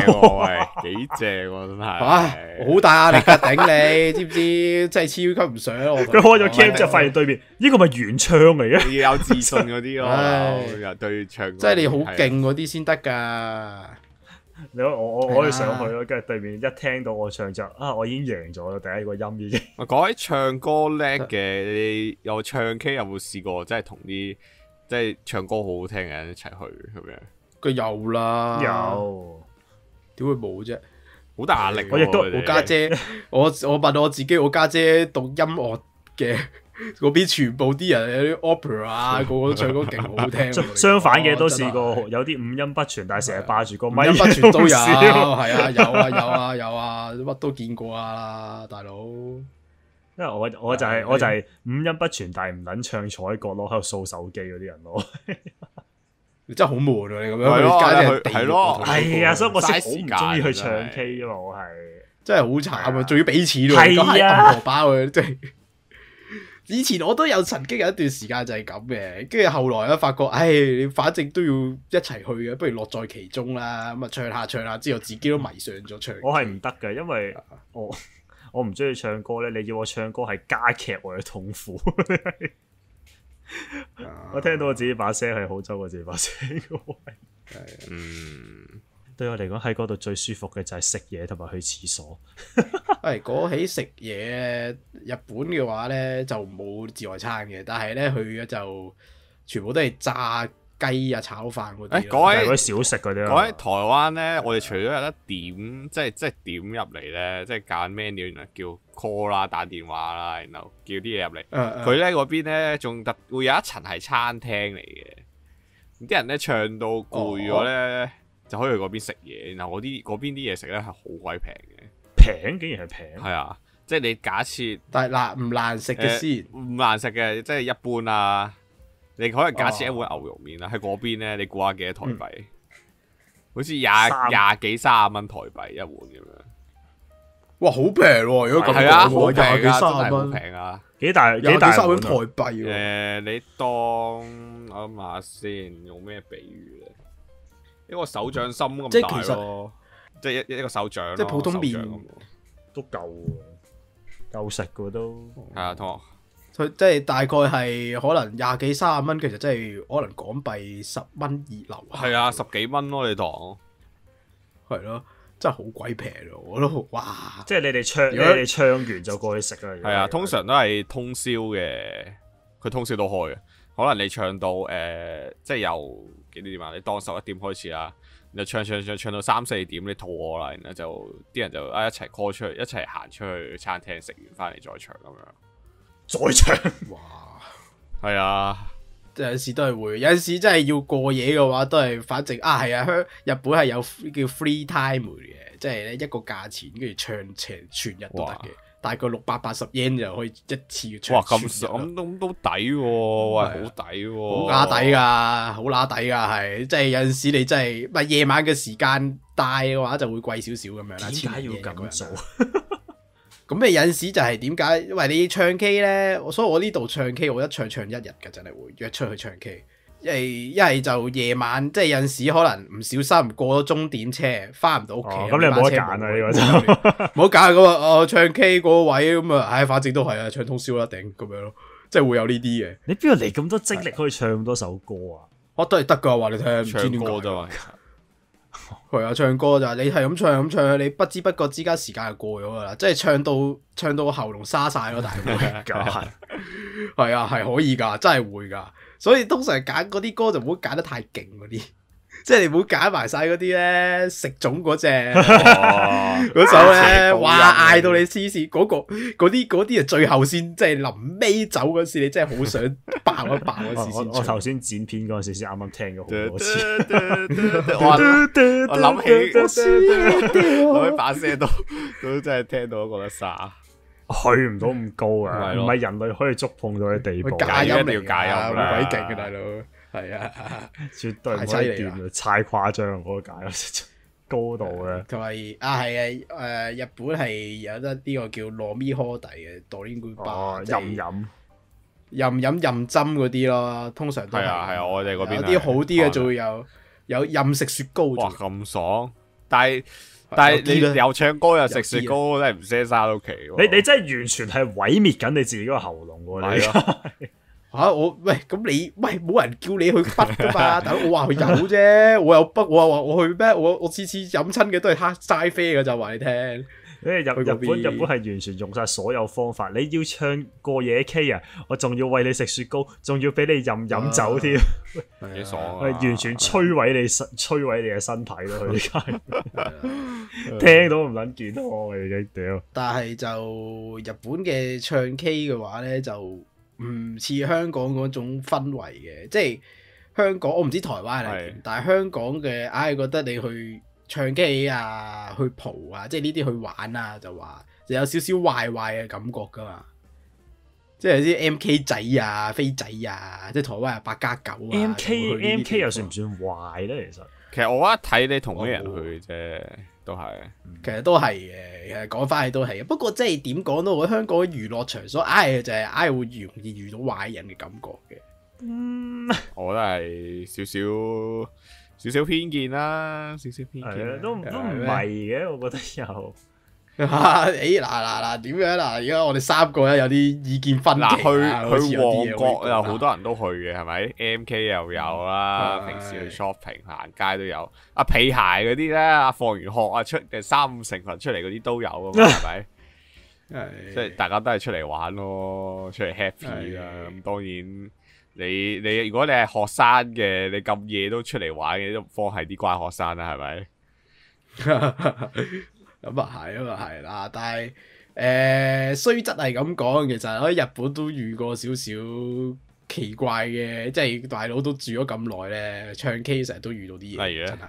Speaker 2: 幾正喎，真係
Speaker 3: 好大壓力啊，頂你，
Speaker 2: 知唔知？真係超級唔想我。佢
Speaker 3: 開咗 cam 就發現對面呢個咪原唱嚟嘅。你要有自信嗰啲咯，
Speaker 1: 對唱，即係你好勁嗰啲
Speaker 3: 先得㗎。你我我我去上去咯，跟住對面一聽到我唱就啊，我已經贏咗啦，第一個音已經。啊，講起唱歌叻
Speaker 1: 嘅， 你有唱 K 有冇試過？即係同啲即係唱歌好好聽嘅人一齊去咁樣？
Speaker 2: 佢有啦，有。點會冇啫？好大壓力，我亦都我家姐，姐，我 我問我自己，我家姐讀音樂嘅。嗰邊全部啲人有啲 opera 啊，個個都唱歌勁好聽。相反
Speaker 3: 嘅都試過，有啲五音不全，但係成日霸住個咪。五音不全都有，係啊，有啊，有啊，
Speaker 2: 有啊，乜都見過啊，大佬。
Speaker 3: 因為我我就係我就係五音不全，但係唔捻唱，坐喺角落喺度掃手機嗰啲人咯。真係好悶啊！你咁樣係咯係啊，所以我好唔中意去唱 K 啊！我係
Speaker 2: 真係好慘啊！仲要俾錢，係啊，包啊，係。以前我都有曾經有一段時間就係咁嘅，跟住後來咧，發覺，唉，你反正都要一齊去嘅，不如樂在其中啦，咁啊唱下唱下，之後自己都迷
Speaker 3: 上咗唱。我係唔得嘅，因為我我唔中意唱歌咧，你叫我唱歌係加劇我嘅痛苦。 啊、我聽到我自己把聲係好差，我自己把聲嘅、啊、 嗯。對我嚟講，喺嗰度最舒服嘅就係食嘢同埋去廁所 。
Speaker 2: 係講起食嘢，日本嘅話咧就冇自助餐嘅，但係咧去嘅就全部都係炸雞啊、炒飯嗰啲。嗰啲、欸、小
Speaker 1: 食嗰啲。嗰喺台灣咧，我哋除咗有得點，即係即係點入嚟咧，即係揀 menu，原來叫 call 啦，打電話啦，然後叫啲嘢入嚟。佢咧嗰邊咧仲得會有一層係餐廳嚟嘅，啲人咧唱到攰咗咧。哦就可以去嗰邊食嘢，然後啲嗰邊啲嘢食咧係好鬼平嘅，平竟然係平，係啊，即係你假設，
Speaker 2: 但係難唔難食嘅
Speaker 1: 先，唔難食嘅，即係一般啊。你可能假設一碗牛肉麵啦，喺嗰邊咧，你估下幾多台幣？好似廿廿幾卅蚊台幣一碗咁樣。
Speaker 2: 哇，好平喎！如果咁樣，廿幾卅蚊，真係好平啊！幾大？幾大？廿幾卅蚊台幣。誒，
Speaker 1: 你當我諗下先，用咩比喻咧？一個手掌心咁大咯、嗯，即係一一個手掌，即係普通麵都夠，夠食噶都係啊，同
Speaker 2: 學即係大概係可能廿幾三十蚊，其實即係可能港幣十蚊二
Speaker 1: 流，係啊，十幾蚊咯、啊，你講係咯，真係好鬼平
Speaker 3: 咯，我都哇！即係你哋唱，如果你唱完就過去食啦，係
Speaker 1: 啊，通常都係通宵嘅，佢通宵都開嘅，可能你唱到誒、呃，即係由。幾點啊？你當十一點開始啦，然後唱唱唱唱到三四點，你肚餓啦，然後就啲人就啊一齊 call 出去，一齊行出去餐廳食完翻嚟再唱咁樣。再唱？哇！係唱嘩啊，有
Speaker 2: 陣時都係會有陣時真係要過夜嘅話，都係反正啊，係啊，喺日本係有叫 free time 嘅，即係咧一個價錢，跟住唱成全日都得嘅。大概六百八十 yen 就可以一次唱，哇，咁少
Speaker 1: 咁？都都抵喎，好抵喎，好乸抵㗎，
Speaker 2: 好乸抵㗎，係即係有陣時你真係唔係夜晚嘅時間帶嘅話就會貴少少咁樣啦。點解要咁做？咁你 有陣時就係點解？因為你唱 K 咧，所以我呢度唱 K，我一唱唱一日㗎，真係會約出去唱 K。誒，一係就夜晚，即係有陣時可能唔小心過咗終點車，翻唔到屋企咁，哦、你唔好揀啊！呢個就唔好揀啊！咁我、 哦、唱 K 嗰位咁啊，唉、哎，反正都係啊，唱通宵啦，頂咁樣咯，即係會有呢啲嘅。你邊度嚟咁多精力的可以唱咁多首歌啊？我都係得噶，話你聽唱歌咋嘛？係啊，唱歌咋？你係咁唱咁唱，你不知不覺之間時間就過咗噶啦。即係唱到唱到個喉嚨沙晒咯，但係會噶係啊，係可以噶，真係會噶。所以通常揀嗰啲歌就唔好揀得太勁嗰啲，即係你唔好揀埋晒嗰啲咧食種嗰隻
Speaker 4: 嗰首咧，話
Speaker 2: 嗌到你黐線，嗰個嗰啲嗰啲啊，最後先即係臨尾走嗰時，你真係好想爆一爆嗰時先。我我頭
Speaker 3: 先剪片嗰陣時先啱啱聽過好多次。我諗起，我一把聲都
Speaker 1: 都真係聽到嗰個聲。
Speaker 3: 去唔到咁高啊！唔係人類可以觸碰到嘅地步。解咗，你要解啊！咁鬼勁嘅大
Speaker 1: 佬，係啊，絕
Speaker 3: 對唔可以掂啊！太誇張嗰個解高度嘅。同埋
Speaker 2: 啊，係啊，誒，日本係有得呢個叫糯米柯底嘅代鹽罐，任飲、任飲、任斟嗰啲咯。通常都係啊係
Speaker 1: 啊，我哋嗰邊有啲好啲嘅，仲會有有任食雪糕。哇，咁爽！但係。但係你又唱
Speaker 3: 歌又食雪糕，啊、真係唔捨沙 l u c 喎！你你真係完全係毀滅緊你自己個喉嚨喎、啊！ 吓，我喂咁你
Speaker 2: 喂冇人叫你去筆噶嘛？等我話佢有
Speaker 3: 啫，我有筆，我話我去咩？我我次次飲親嘅都係黑齋啡嘅就話你聽。誒，日日本日本係完全用晒所有方法。你要唱過夜 K 啊？我仲要餵你食雪糕，仲要俾你任飲酒添。
Speaker 1: 幾爽啊！完
Speaker 3: 全摧毀你身，摧毀你嘅身體咯。佢聽到唔撚健康嘅屌。但係就日本嘅唱 K 嘅話咧，
Speaker 2: 就～唔似香港嗰種氛圍嘅，即係香港我唔知台灣係點，是但係香港嘅，唉覺得你去唱 K 啊，去蒲啊，即係呢啲去玩啊，就話就有少少壞壞嘅感覺噶嘛，即係啲 M K 仔啊、飛仔啊，即係台灣人啊八加九啊，M K M K 又算唔
Speaker 1: 算壞咧？其實、嗯、其實我一睇你同咩人去啫。都係、嗯，其實都係
Speaker 2: 嘅。講翻起都係，不過即係點講都，我覺得香港嘅娛樂場所唉，就係唉，
Speaker 1: 會容易遇到壞人嘅感覺嘅。嗯，我覺得係少少少少偏見啦，少少偏見都的都唔係嘅，的我覺得有。
Speaker 2: 嚇！嗱嗱嗱點樣嗱？而家我哋三個人有啲意見分歧，去去旺角
Speaker 1: 有好多人都去嘅，係咪？MK 又有啦，吧平時去 shopping 行街都有。阿、啊、皮鞋嗰啲咧，阿放完學啊出誒三五成群出嚟嗰啲都有啊嘛，係咪？即係大家都係出嚟玩咯，出嚟 happy 啊。咁當然你你如果你係學生嘅，你咁夜都出嚟玩嘅都唔方係啲乖學生啦，係咪？
Speaker 2: 咁啊，係啊，嘛係啦，但係誒，雖則係咁講，其實喺日本都遇過少少奇怪嘅，即係大佬都住咗咁耐咧，唱 K 成日都遇到啲嘢，真係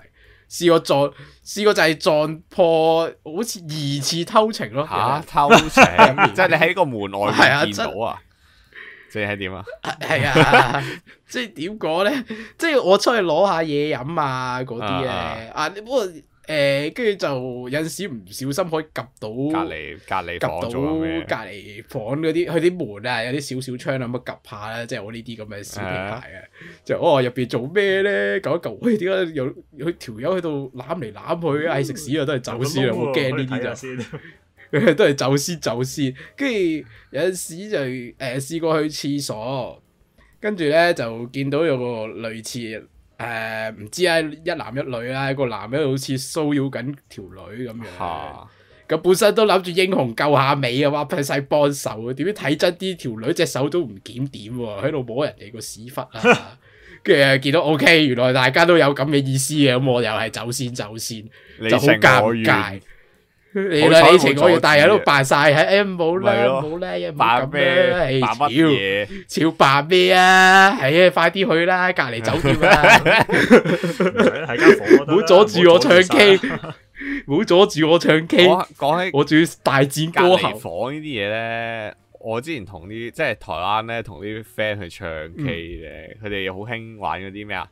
Speaker 2: 試過撞，試過就係撞破，好似疑似二次偷情咯吓、啊，偷情，即係 你喺個門外見到
Speaker 1: 啊，即係點啊？係啊，
Speaker 2: 即係點講咧？即係我出去攞下嘢飲 啊，嗰啲咧啊，不過、啊。誒，跟住、欸、就有陣時唔小心可以及到嗎隔離隔離房咗隔離房嗰啲，佢啲門啊，有啲少少窗啊，咁樣及下啦。即係我呢啲咁嘅小平台啊，就哦入邊做咩咧？嚿一嚿，喂，點解有佢條友喺度攬嚟攬去，嗌食屎啊，都係走私啊！好驚呢啲就，都係走私走私。跟住有陣時就誒試過去廁所，跟住咧就見到有個類似。誒，唔、uh, 知啊，一男一女啦、啊，個男人好似騷擾緊條女咁樣，咁、啊、本身都諗住英雄救下美嘅話，睇晒幫手，點知睇真啲條女隻手都唔檢點喎，喺度摸人哋個屎忽啊！跟住見到 O、okay, K，原來大家都有咁嘅意思嘅，咁我又係走先走先走，你 就好尷尬。你啦以前我哋大家都扮晒，哎，冇好冇啦，又唔咁樣扮咩？笑扮乜嘢？超扮咩啊？哎，快啲去啦，隔籬酒店啦，唔喺間房，唔好阻住我唱 K，唔好阻住我唱 K。
Speaker 1: 講起我仲要大戰歌喉房呢啲嘢咧，我之前同啲即係台灣咧，同啲 friend 去唱 K 咧，佢哋好興玩嗰啲咩啊？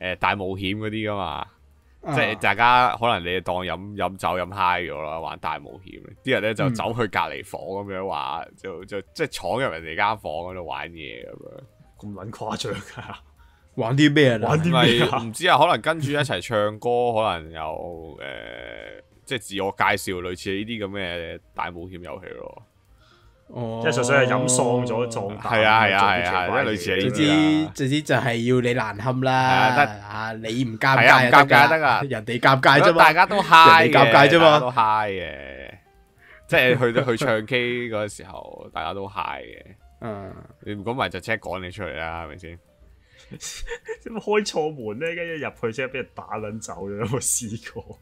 Speaker 1: 誒，大冒險嗰啲噶嘛？即係大家可能你哋當飲飲酒飲嗨咗啦，玩大冒險，啲人咧就走去隔籬房咁樣話，就就即係闖入人哋間房喺度玩嘢咁樣，咁撚誇張啊！
Speaker 2: 玩啲咩啊？玩啲咩？唔
Speaker 1: 知啊，可能跟住一齊唱歌， 可能有誒、呃，即係自我介紹，類似呢啲咁嘅大冒險遊戲咯。
Speaker 3: 即係純粹係飲喪咗狀
Speaker 1: 態，係啊係啊係係，即係類似呢啲啊。總之
Speaker 2: 總之就係要你難堪啦，啊你唔尷尬啊？尷尬得啊，人哋尷尬啫嘛，大家都 high 嘅，大家都 high
Speaker 1: 嘅，即係去到去唱 K 嗰時候大家都 high 嘅。嗯，你唔講埋就即刻趕你出嚟啦，係咪先？
Speaker 3: 點開錯門咧？跟住入去即係俾人打捻走咗，有冇試過？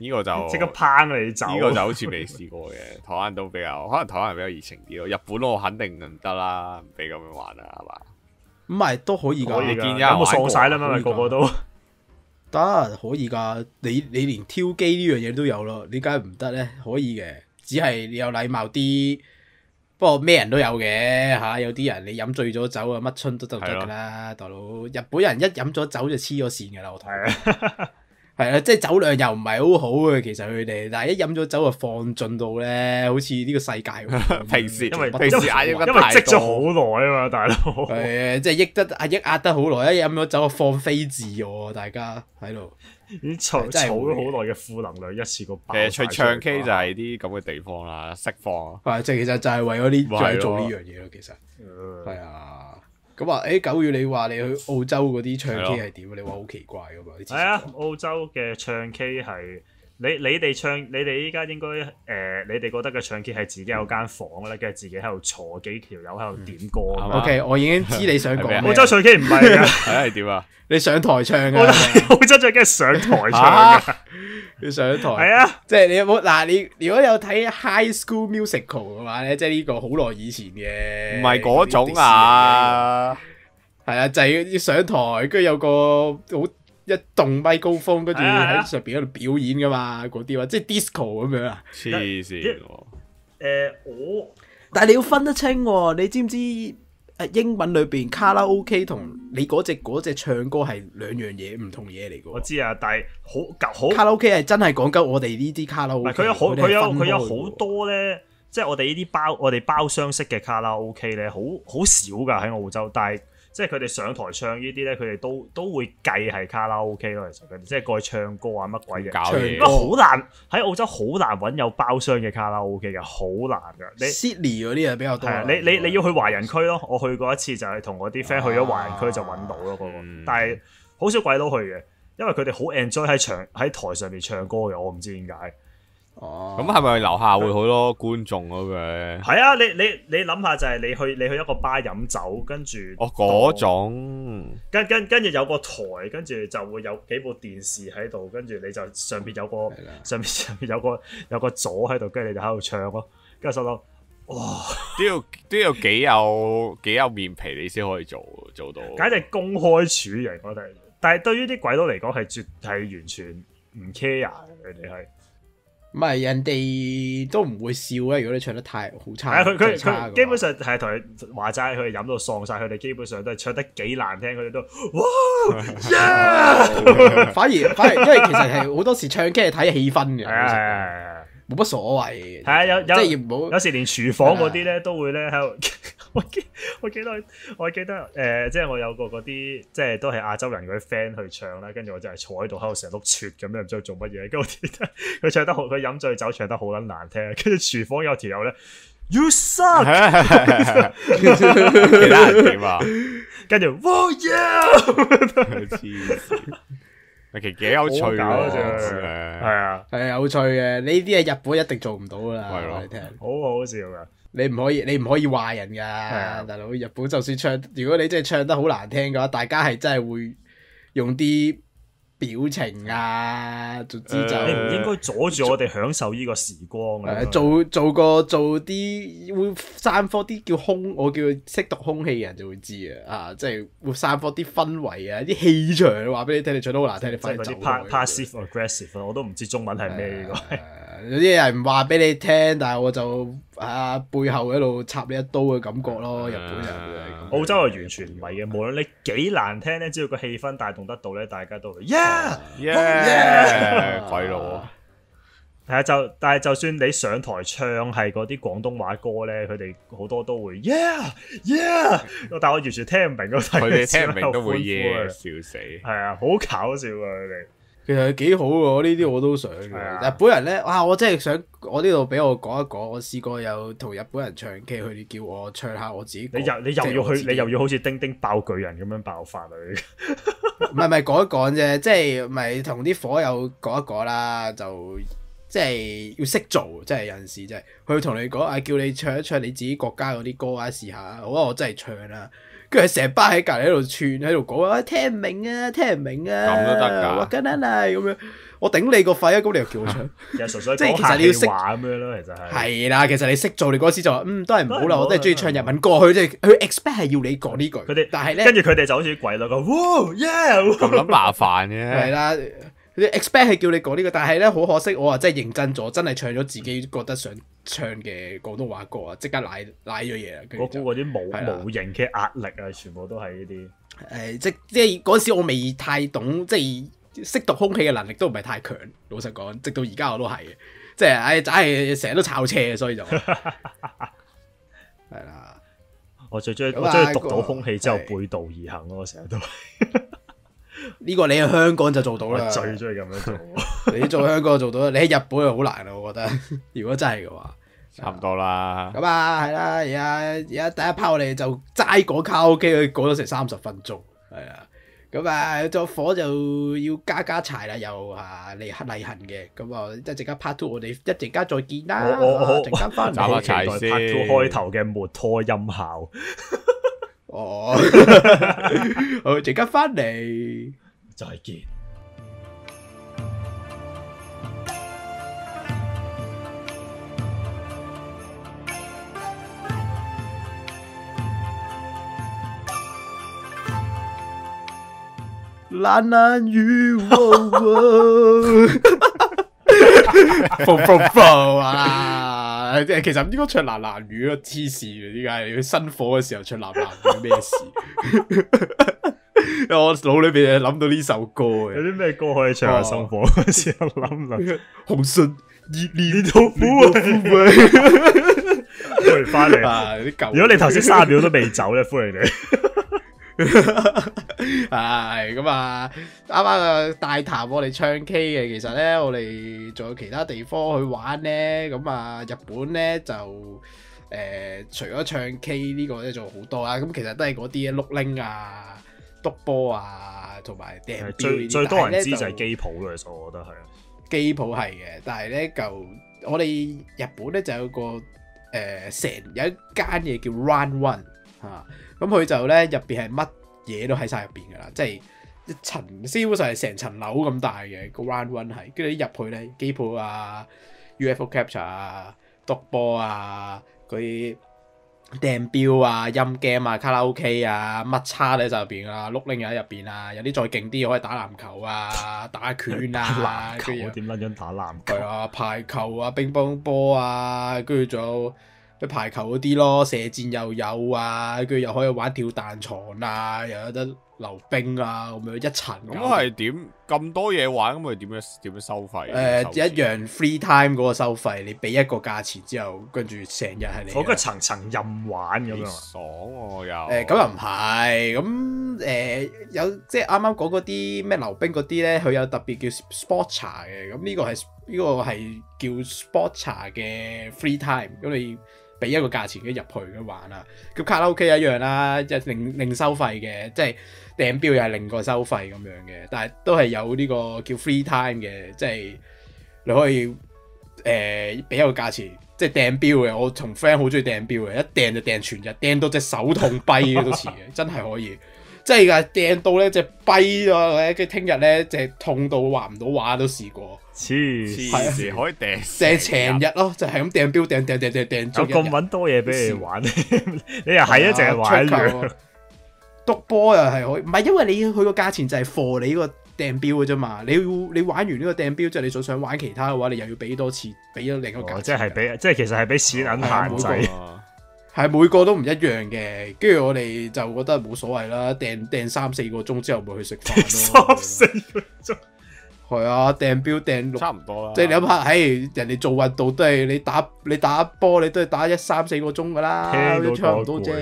Speaker 1: 呢個就即刻抨你走，呢個就好似未試過嘅。 台灣都比較，可能台灣人比較熱情啲咯。日本我肯定唔得啦，唔俾咁樣玩啊嘛。
Speaker 2: 唔係都可以㗎，我見而家傻晒啦嘛，個個都得可以㗎。你你連挑機呢樣嘢都有啦，你點解唔得咧？可以嘅，只係你有禮貌啲。不過咩人都有嘅嚇、嗯啊，有啲人你飲醉咗酒啊，乜春都得㗎啦，大佬的。 日本人一飲咗酒就黐咗線㗎啦，我睇的。 係啦，即係酒量又唔係好好嘅，其實佢哋，但係一飲咗酒就放盡到咧，好似呢個世界樣，平時因為平時壓，壓得因為積咗好耐啊嘛，大佬係啊，即係抑得啊壓壓得好耐，一飲咗酒就放飛自我，大家喺度即係儲儲咗
Speaker 3: 好耐嘅負能量一次過爆發。唱 K
Speaker 2: 就係
Speaker 1: 啲咁嘅地方啦，釋放。係，即係其實就係為咗啲做呢
Speaker 2: 樣嘢咯，其實
Speaker 3: 係啊。嗯咁啊，
Speaker 2: 誒，九月你話你去澳洲嗰啲唱 K 係點
Speaker 3: 啊？你話好奇怪噶嘛？係啊，澳洲嘅唱 K 係。你你哋唱，你哋依家應該誒、呃，你哋覺得嘅唱 K 係自己有間房咧，跟住、嗯、自己喺度坐幾條友喺度點歌，OK，我已經知你想講咩。是是澳洲唱 K 唔係㗎，係點啊？
Speaker 2: 你上台唱嘅。澳洲唱 K 係上台唱嘅。要上台。係啊，即係你有冇嗱？你如果有睇 High School Musical 嘅話咧，即係呢個好耐以前嘅。唔係嗰種啊。係啊，就係要上台，跟住有個好。一棟米高峰，跟住喺上邊喺度表演噶嘛，嗰啲話即係 disco 咁樣啊！
Speaker 3: 黐線、呃！我，但
Speaker 2: 係你要分得清喎，你知唔知誒英文裏邊卡拉 OK 同你嗰隻隻唱歌係
Speaker 3: 兩樣嘢唔同嘢嚟嘅？我知啊，但係好好
Speaker 2: 卡拉 OK 係真係講緊我哋呢啲卡拉 OK。佢有好佢有佢有好
Speaker 3: 多咧，即係我哋呢啲包我哋包廂式嘅卡拉 OK 咧，好好少噶喺澳洲，但係。即係佢哋上台唱呢啲咧，佢哋都都會計係卡拉 OK 咯。其實佢哋即係過去唱歌啊乜鬼嘢，唱歌好難喺澳洲好難揾有包廂嘅卡拉 OK 嘅，好難㗎。你 s 悉尼嗰啲啊比較多。係啊，你你你要去華人區咯。我去過一次就係同我啲 friend 去咗華人區就揾到咯嗰、那個，啊嗯、但係好少鬼佬去嘅，因為佢哋好 enjoy 喺場喺台上面唱歌嘅，我唔知點解。哦，咁係咪
Speaker 1: 樓下會好多觀眾咁樣？係
Speaker 3: 啊，你你你諗下就係你去你去一個吧飲酒，跟住哦嗰種，跟跟跟住有個台，跟住就會有幾部電視喺度，跟住你就上邊有個的上邊上邊有個有個組喺度，跟住你就喺度唱咯。跟住收到，哇！
Speaker 1: 都要都要幾有 幾有面皮你先可以做做到，
Speaker 3: 簡直公開處刑。但係但係對於啲鬼佬嚟講係絕係完全唔 care，佢哋係。唔係人哋都唔會笑啊。如果你唱得太好差，係佢它基本上係同你話齋，佢哋飲到喪晒，佢哋基本上都係唱得幾難聽，佢哋都 Yeah! 反而反而因為其實係
Speaker 2: 好多時唱 K 係睇氣氛嘅。
Speaker 3: 冇乜所謂，係 啊，有有，有時連廚房嗰啲咧都會咧喺度，我 記我記得，我記得誒，即係我有個嗰啲，即係都係亞洲人嗰啲 friend 去唱啦，跟住我就係坐喺度喺度成日碌啜咁樣唔知道做乜嘢，跟住我記得，佢唱得好，佢飲醉酒唱得好撚難聽，跟住廚房有條友咧，you suck，跟住
Speaker 1: 其實幾有趣嘅，係啊，
Speaker 2: 係有趣嘅。呢啲嘢日本一定做唔到噶，係咯的。我哋聽聽好好笑噶，你唔可以，你唔可以話人噶，的大佬。日本就算唱，如果你真係唱得好難聽嘅話，大家係真係會用啲。表情啊，總之就知就、嗯、你唔應該阻
Speaker 3: 住我哋享受呢個時光啊！嗯、做
Speaker 2: 做個做啲會散發啲叫空，我叫識讀空氣嘅人就會知啊！啊，即、就、係、是、會散發啲氛圍啊，啲氣場話俾你聽，嗯、你唱得好難聽，就是、你反而就
Speaker 3: passive aggressive，啊，我都唔知中文係咩呢個。嗯
Speaker 2: 有啲人唔話俾你聽，但係我就啊背後一路插你一刀嘅感覺咯。日
Speaker 3: 本人，澳洲係完全唔係嘅，無的論你幾難聽咧，只要個氣氛帶動得到咧，大家都會 yeah yeah 鬼佬。係啊，就但係就算你上台唱係嗰啲廣東話歌咧，佢哋好多都會 yeah yeah。 但係我完全聽唔明佢哋聽唔明都會笑死。係啊，好
Speaker 2: 搞笑啊！佢哋。其實係幾好喎！呢啲我都想嘅。啊、但日本人呢，哇！我真係想我呢度俾我講一講。我試過有同日本人唱 K，佢哋叫我唱下我自己你。你又要去，自己，你又要好似
Speaker 3: 叮叮爆巨人咁樣爆發啊！唔係唔係講一講
Speaker 2: 啫，即係咪同啲火友講一講啦？就即係要識做，即係有陣時，即係佢同你講啊，叫你唱一唱你自己國家嗰啲歌啊，試下。我我真係唱啦～佢係成班喺隔籬喺度串，喺度講啊，聽唔明啊，聽唔明啊，咁都得噶？梗得嘞咁樣，我頂你個肺啊！咁你又叫我唱，
Speaker 3: 即係其實你要識
Speaker 2: 咁樣咯，其實係係啦，其實你識做，你嗰時就話，嗯，都係唔好啦，我都係中意唱日文歌，佢即係佢 expect 係要你講呢句，佢哋，但係咧，跟住佢哋就好似鬼咁，哇耶！咁諗麻
Speaker 1: 煩嘅，係啦，
Speaker 2: 佢哋 expect 係叫你講呢句，但係咧，好可惜，我啊真係認真咗，真係唱咗自己覺得想。唱嘅廣東話歌啊，即刻瀨瀨咗嘢。我估嗰啲冇冇形嘅壓力啊，全部都係呢啲。誒，即即嗰時我未太懂，即係識讀空氣嘅能力都唔係太強。老實講，直到而家我都係，即係唉，就係成日都炒車，所以就
Speaker 3: 係啦。我最中意 freakin 我中意讀到空氣之後背道而行咯，我成日都。
Speaker 2: 呢個你喺香港就做到啦，最中意咁樣做。你做香港做到，你喺日本就好難啦，我覺得。如果真係
Speaker 1: 嘅話。差唔多啦，咁
Speaker 2: 啊係啦，而家而家第一 part 我哋就齋講卡 OK，佢過咗成三十分鐘，係啊，咁啊，做火就要加加柴啦，又啊嚟行嚟行嘅，咁啊，即係即刻 part two，我哋一陣間
Speaker 3: 再見啦，一陣間翻嚟，斬下柴先。part two 開頭嘅沒拖音效，
Speaker 4: 哦，
Speaker 3: 好、哦，陣間翻嚟，再
Speaker 4: 見。.
Speaker 2: 冷冷雨，哇！
Speaker 4: 哈哈啊！
Speaker 2: 其實應該唱冷冷雨個黐線，點解要新火嘅時候唱冷冷雨咩事？ 我腦裏邊諗到呢首歌，
Speaker 3: 有啲咩歌可以唱？生火嘅時候諗諗， 試試紅信熱烈痛苦，歡迎翻嚟啊！如果你頭先三十秒都未走咧，歡迎你。係咁
Speaker 2: 啊！啱啱、嗯、大談我哋唱 K 嘅，其實咧我哋仲有其他地方去玩咧。咁、嗯、啊，日本咧就誒、呃，除咗唱 K 呢個咧仲好多啦。咁、嗯、其實都係嗰啲啊，碌 ling 啊，篤波啊，同埋掟 B。最最多人知就係
Speaker 3: 機鋪嘅，其實我覺得係。
Speaker 2: 機鋪係嘅，但係咧就我哋日本咧就有個誒成、呃、有一間嘢叫 Run One 吓、啊。咁佢就咧入邊係乜嘢都喺晒入邊噶啦，即係一層，基本上係成層樓咁大嘅個 round one 係，跟住入去咧，機鋪啊、UFO capture 啊、督波啊、嗰啲掟標啊、音 game 啊、卡拉 OK 啊，乜叉咧就入邊啦，碌鈴又喺入邊啊，有啲再勁啲可以打籃球啊、打拳啊，籃球點撚樣打籃球？係啊，排球啊、乒乓波啊，跟住仲有。排球嗰啲咯，射箭又有啊，跟住又可以玩跳彈床啊，又有得溜冰啊，咁樣一層咁係
Speaker 1: 點咁多嘢玩咁？佢點樣點樣收費？誒、呃、一
Speaker 2: 樣 free time 嗰個收費，你俾一個價錢之後，跟住成日係你。我覺得層層任玩咁樣。
Speaker 1: 爽喎又。誒咁又唔
Speaker 2: 係，咁誒、呃呃、有即係啱啱講嗰啲咩溜冰嗰啲咧，佢有特別叫 sports 茶嘅，咁呢個係呢、呢個係叫 sports 茶嘅 free time，咁你。俾一個價錢嘅入去嘅玩啊，咁卡拉 OK 一樣啦，即係另另收費嘅，即係掟標又係另個收費咁樣嘅，但係都係有呢個叫 free time 嘅，即係你可以誒俾、呃、一個價錢，即係掟標嘅。我同 friend 好中意掟標嘅，一掟就掟全日，掟到隻手痛跛。都似嘅，真係可以。真係噶，掟到咧隻跛咗咧，跟住聽日咧淨係痛到話唔到話，都試過。黐黐線，平時可以掟成日咯，就係咁掟標，掟掟掟掟掟，咁揾多嘢俾你玩，
Speaker 1: 你又係啊，淨
Speaker 2: 係玩兩，篤波又係可以，唔係因為你佢個價錢就係 for 你呢個掟標嘅啫嘛。你你玩完呢個掟標之後，你仲想玩其他嘅話，你又要俾多次，俾咗另一個價即係俾，即係其實係俾錢銀限制。係每個都唔一樣嘅，跟住我哋就覺得冇所謂啦，掟掟三四個鐘之後咪去食飯咯。三四個鐘，係 啊，掟標掟六，差唔多啦。即係你諗下，喺人哋做運動都係你打你打波，你都係打一三四個鐘噶啦，都差唔多啫，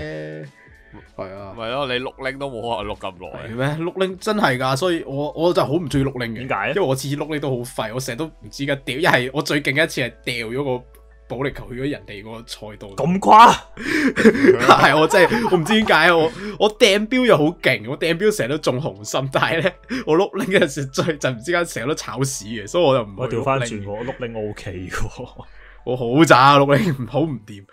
Speaker 1: 係啊。係咯，你錄令都冇可能錄咁耐
Speaker 2: 咩？錄令真係噶，所以我我就好唔中意錄令。點解？因為我次次錄令都好廢，我成日都唔知噶掉。一係我最勁一次係掉咗個保力球去咗人哋個賽道，咁誇係我真係，我唔知點解我我掟標又好勁，我掟標成日都中紅心，但係咧我碌領嘅時最就唔知間成日都炒屎嘅，所以我就唔會掉翻轉。
Speaker 3: 我碌領 O K 嘅，
Speaker 2: 我好渣碌領，唔好唔掂，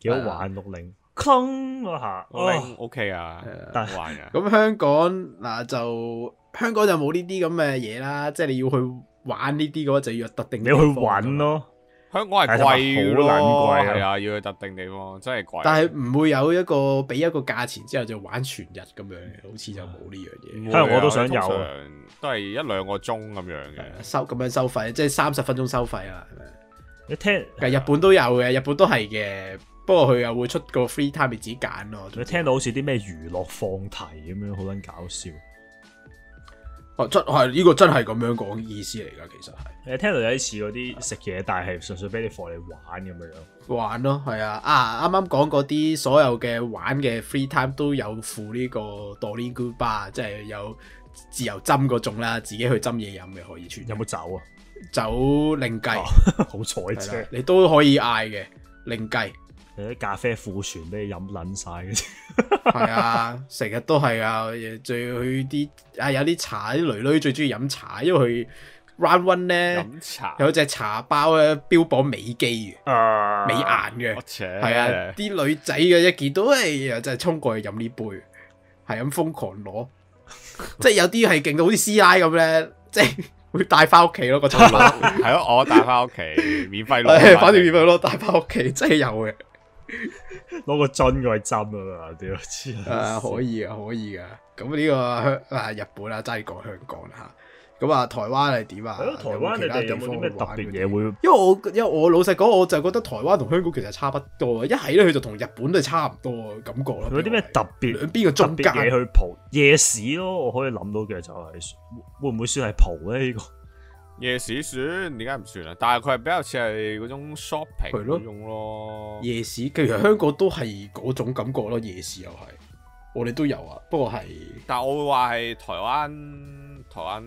Speaker 2: 幾好玩碌領。
Speaker 3: 空下，
Speaker 1: 我 O K 啊，得玩啊。
Speaker 2: 咁香港嗱就香港就冇呢啲咁嘅嘢啦，即係你要去玩呢啲嘅話，就要特定你要去玩咯、啊。
Speaker 1: 香港係貴咯，係啊，要去特定地方真係貴。但係
Speaker 2: 唔會有一個俾一個價錢之後就玩全日咁樣嘅，嗯、好似就冇呢樣嘢。香港我都想有，都係
Speaker 1: 一兩個鐘咁樣嘅收，
Speaker 2: 咁樣收費即係三十分鐘收費啦。你聽，日本都有嘅，日本都係嘅，不過佢又會出個 free time 自己揀咯。你聽
Speaker 3: 到好似啲咩娛樂放題咁樣，好捻搞笑。哦、啊，真係呢、這個真係咁樣講意思嚟㗎。其實係你聽到有啲似嗰啲食嘢，但係純粹俾你貨嚟玩咁樣。
Speaker 2: 玩咯，係啊，啱啱講嗰啲所有嘅玩嘅 free time 都有附呢個 dolly good bar，即係有自由斟嗰種啦，自己去斟嘢飲嘅可以存。有冇酒啊？酒另計，好彩啫，你都可以嗌嘅另計。啲咖啡庫存俾你飲撚晒，
Speaker 4: 嘅啫，係啊，
Speaker 2: 成日都係啊，最去啲啊有啲茶啲女女最中意飲茶，因為佢 run one 咧茶有隻茶包咧標榜美肌嘅美顏嘅，係啊，啲女仔嘅一見到哎呀，就係衝過去飲呢杯，係咁瘋狂攞，即係有啲係勁到好似師奶咁咧，即係會帶翻屋企咯。個茶係咯，我帶翻屋企
Speaker 1: 免費攞，反正免費攞帶翻屋企，真係有嘅。
Speaker 3: 攞 個樽嘅
Speaker 2: 針啊！屌，黐綫啊！可以啊，可以噶。咁呢、這個香啊，日本啊，真係講香港吓。咁啊，台灣係點啊？台灣灣 其他地方有冇咩特
Speaker 3: 別嘢會？因為
Speaker 2: 我，因為我老實講，我就覺得台灣同香港其實差不多啊。一係咧，佢就同日本都係差唔多啊，感覺咯。有啲咩
Speaker 3: 特別？邊個中介去蒲夜市咯？我可以諗到嘅就係、是、會唔會算係蒲咧？呢、這個？
Speaker 1: 夜市算點解唔算啊？但係佢係比較似係嗰種 shopping 嗰種咯。夜市其實香
Speaker 3: 港都係嗰種感覺咯，夜市又
Speaker 2: 係我哋都有啊，不過係。
Speaker 1: 但係我會話係台灣，台灣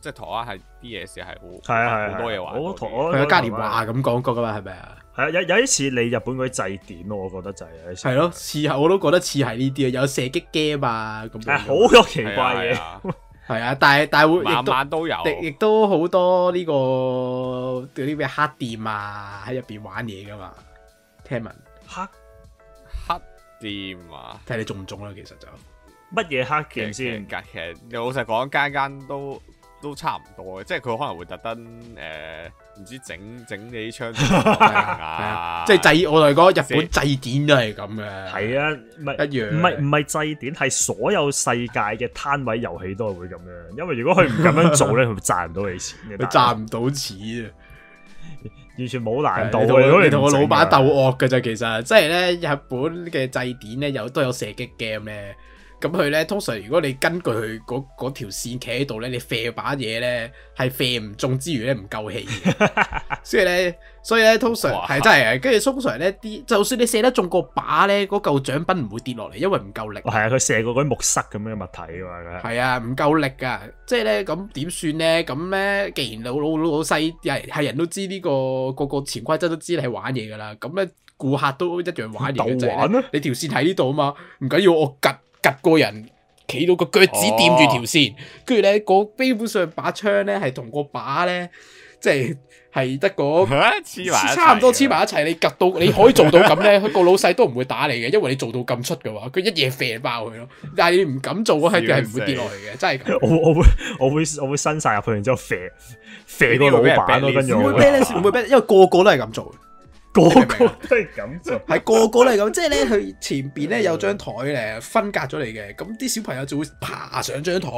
Speaker 1: 即係台灣係啲夜市係好係啊，係好多嘢玩。我
Speaker 3: 同我係啊，嘉年華咁講過㗎嘛，係咪啊？係啊，有有啲似嚟日本嗰啲祭典咯，我覺得就係。係咯，似係我都覺得似係
Speaker 2: 呢啲啊，有射擊 game 啊咁。係好多奇怪嘢。係啊，但係但會，晚晚都有，亦都好多呢，呢個叫啲咩黑店啊，喺入
Speaker 1: 邊玩嘢噶嘛。聽聞黑黑店啊，睇你中唔中啦，啊，其實就乜嘢黑嘅先？其實你老實講，間間都都差唔多嘅，即係佢可能會特登誒。呃唔知整整你啲槍，
Speaker 3: 即係祭，我同你講，日本祭典都係咁嘅。係啊，唔一樣。唔係唔係祭典，係所有世界嘅攤位遊戲都係會咁樣。因為如果佢唔咁樣做咧，佢 賺唔到你錢嘅。佢賺唔到錢啊！ 完全冇難度。如果你同個老闆鬥
Speaker 2: 惡㗎咋其實，即係咧日本嘅祭典咧，有都有射擊 game 咧。咁佢咧，通常如果你根據佢嗰嗰條線企喺度咧，你射把嘢咧，係射唔中之餘咧，唔夠氣 所，所以咧，所以咧通常係哇真係。跟住通常咧啲，就算你射得中個靶咧，嗰嚿獎品唔會跌落嚟，因為唔夠力。係
Speaker 3: 啊，佢射過嗰啲木塞咁嘅物體啊，嘛，係啊，
Speaker 2: 唔夠力㗎。即係咧，咁點算咧？咁咧，既然老老老老細係人，人都知呢個個個潛規則，都知你係玩嘢㗎啦。咁咧顧客都一樣玩，玩就玩咯。你條線喺呢度啊嘛，唔緊要我趌。夾個人企到個腳趾掂住條線，跟住咧，個基本上把槍咧係同個靶咧，即係係得個差唔多黐埋一齊。啊，你夾到你可以做到咁咧，個 老細都唔會打你嘅，因為你做到咁出嘅話，佢一夜射爆佢咯。但係你唔敢做嗰係，係唔事會跌落嚟嘅，真係。我
Speaker 3: 會我會我會我會伸晒入去，然之後射射個老闆咯。跟住會咩？唔會咩？因為個個都係咁做。
Speaker 2: 個個都係咁啫，係個個都係咁，即係咧，佢前邊咧有張台咧分隔咗嚟嘅，咁啲小朋友就會爬上張台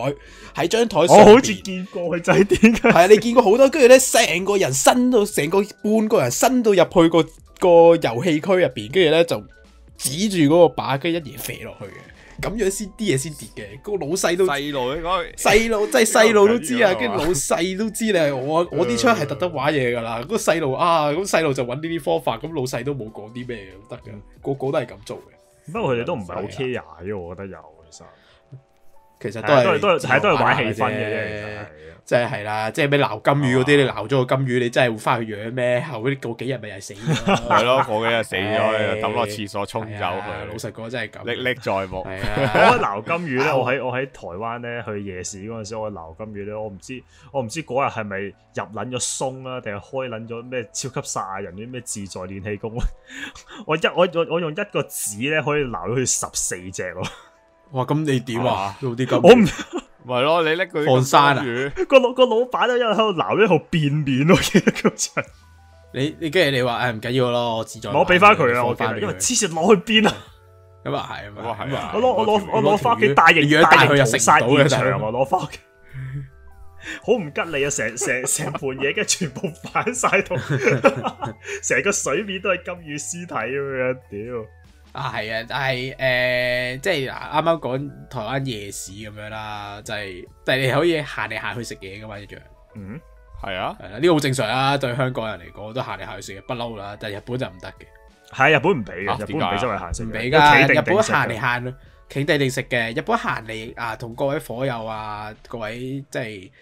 Speaker 2: 喺張台上。我好似見過佢仔點，係啊， 你見過好多，跟住咧成個人伸到成個半個人伸到入去個個遊戲區入邊，跟住咧就指住嗰個靶機一嘢射落去嘅。咁樣先啲嘢先跌嘅，老弟弟那個老細都細路應該細路即係細路都知啊，跟住老細都知你係我，我啲槍係特登玩嘢㗎啦。呃、個細路啊，咁細路就搵呢啲方法，咁、那個、老細都冇講啲咩得㗎，個個都係咁
Speaker 3: 做嘅。不過佢哋都唔係好 care 啊，啊、我覺得有其實，其實都係、啊、都係、啊、都係玩氣氛嘅啫。
Speaker 2: 即係啦，即係咩撈金魚嗰啲，啊、你撈咗個金魚，你真係會翻去養咩？後嗰啲過幾日咪又
Speaker 1: 死咯，係咯， 嗰幾日死咗，抌落廁所沖走佢、哎呀。老實講真係咁，歷歷在目。哎、呀 我撈金魚咧，我喺
Speaker 3: 我喺台灣咧去夜市嗰陣時，我撈金魚咧，我唔知我唔知嗰日係咪入捻咗松啦，定係開捻咗咩超級殺人啲咩自在練氣功 我一我我用一個紙咧可以撈到十四隻咯。 哇，咁你點啊？撈啲 金魚。我唔
Speaker 1: 咪咯，你拎
Speaker 3: 佢放山啊！個老個老闆都喺度鬧一條變面咯，嗰陣。你你跟住你話
Speaker 2: 誒唔緊要咯，我自作。我俾翻佢啊，我因為黐線
Speaker 3: 攞去邊啊？咁啊係我攞我攞我攞翻屋企大型大型屠殺現場我攞翻屋企，好唔吉利啊！成成成盤嘢跟住全部反晒到，成個水面都係金魚屍體咁樣屌。啊，係啊，但係誒、呃，
Speaker 2: 即係啱啱講台灣夜市咁樣啦，就係、是、但係你可以行嚟行去食嘢噶嘛一樣。
Speaker 3: 嗯，
Speaker 2: 係啊，係啦，呢個好正常啊。對香港人嚟講都行嚟行去食嘢不嬲啦。但係日本就唔得嘅，
Speaker 3: 係日本唔俾嘅，日本俾出去行先。俾、啊、日本行嚟
Speaker 2: 行咯，企定定食嘅。日本行嚟啊，同各位伙友啊，各位即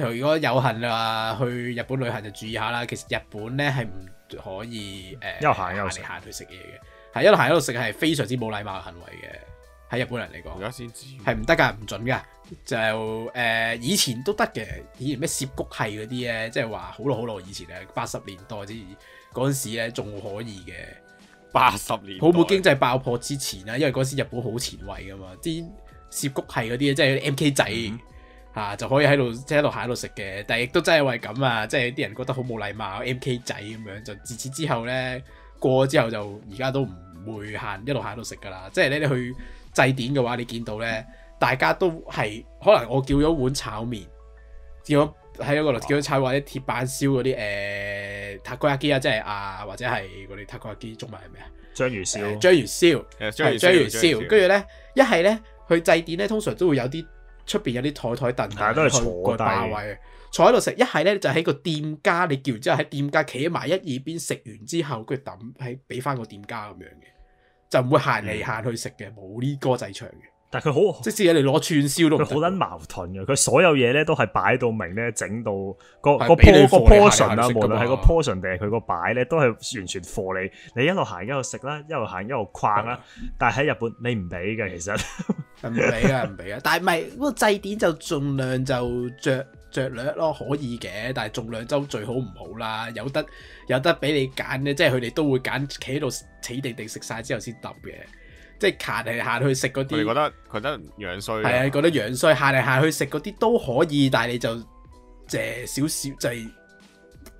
Speaker 2: 係，如果有幸啊去日本旅行就注意下啦。其實日本咧係唔可以休、呃、行休行，行，行，行去食嘢嘅。係一路行一路食係非常之冇禮貌嘅行為嘅，喺日本人嚟講。而家先知係唔得㗎，唔準㗎。就誒、呃、以前都得嘅，以前咩涉谷係嗰啲咧，即係話好耐好耐以前啊，八十年代之嗰陣時咧仲可以嘅。八十年泡沫經濟爆破之前啦，因為嗰時日本好前衞㗎嘛，啲涉谷係嗰啲即係 M.K. 仔嚇、mm hmm. 啊、就可以喺度即係一路行喺度食嘅，但係亦都真係為咁啊！即係啲人覺得好冇禮貌，M.K. 仔咁樣就自此之後咧過之後就而家都唔會行一路行一路食噶啦，即係你你去祭典嘅話，你見到咧，大家都係可能我叫咗碗炒麵，叫喺一個度叫咗炒或者鐵板燒嗰啲誒塔哥阿基啊，即係啊或者係嗰啲塔哥阿基中文係咩啊？章魚燒，章、呃、魚燒，章魚燒，跟住咧一係咧去祭典咧，通常都會有啲出邊有啲台台凳，但係都係坐嘅霸位。坐坐坐喺度食，一係咧就喺個店家，你叫完之後喺店家企埋一二邊食完之後，佢抌喺俾翻個店家咁樣嘅，就唔會行嚟行去食嘅，冇呢個
Speaker 3: 歌仔唱嘅。但係佢好，即使你自己攞串燒都。佢好撚矛盾嘅，佢所有嘢咧都係擺到明咧，整到個個 portion 啊，無論係個 portion 定係佢個擺咧，都係完全俾你。你一路行一路食啦，一路行一路逛啦。的但係喺日本你唔俾嘅，的其實唔俾嘅，唔俾嘅。
Speaker 2: 但係唔係嗰個祭典就儘量就着。着略咯，可以嘅，但係重量周最好唔好啦。有得有得俾你揀咧，即係佢哋都會揀企喺度企定定食晒之後先揼嘅。即係行嚟行去食
Speaker 1: 嗰啲，你覺得覺得樣衰。係啊，
Speaker 2: 覺得樣衰，行嚟行去食嗰啲都可以，但係你就借少少就係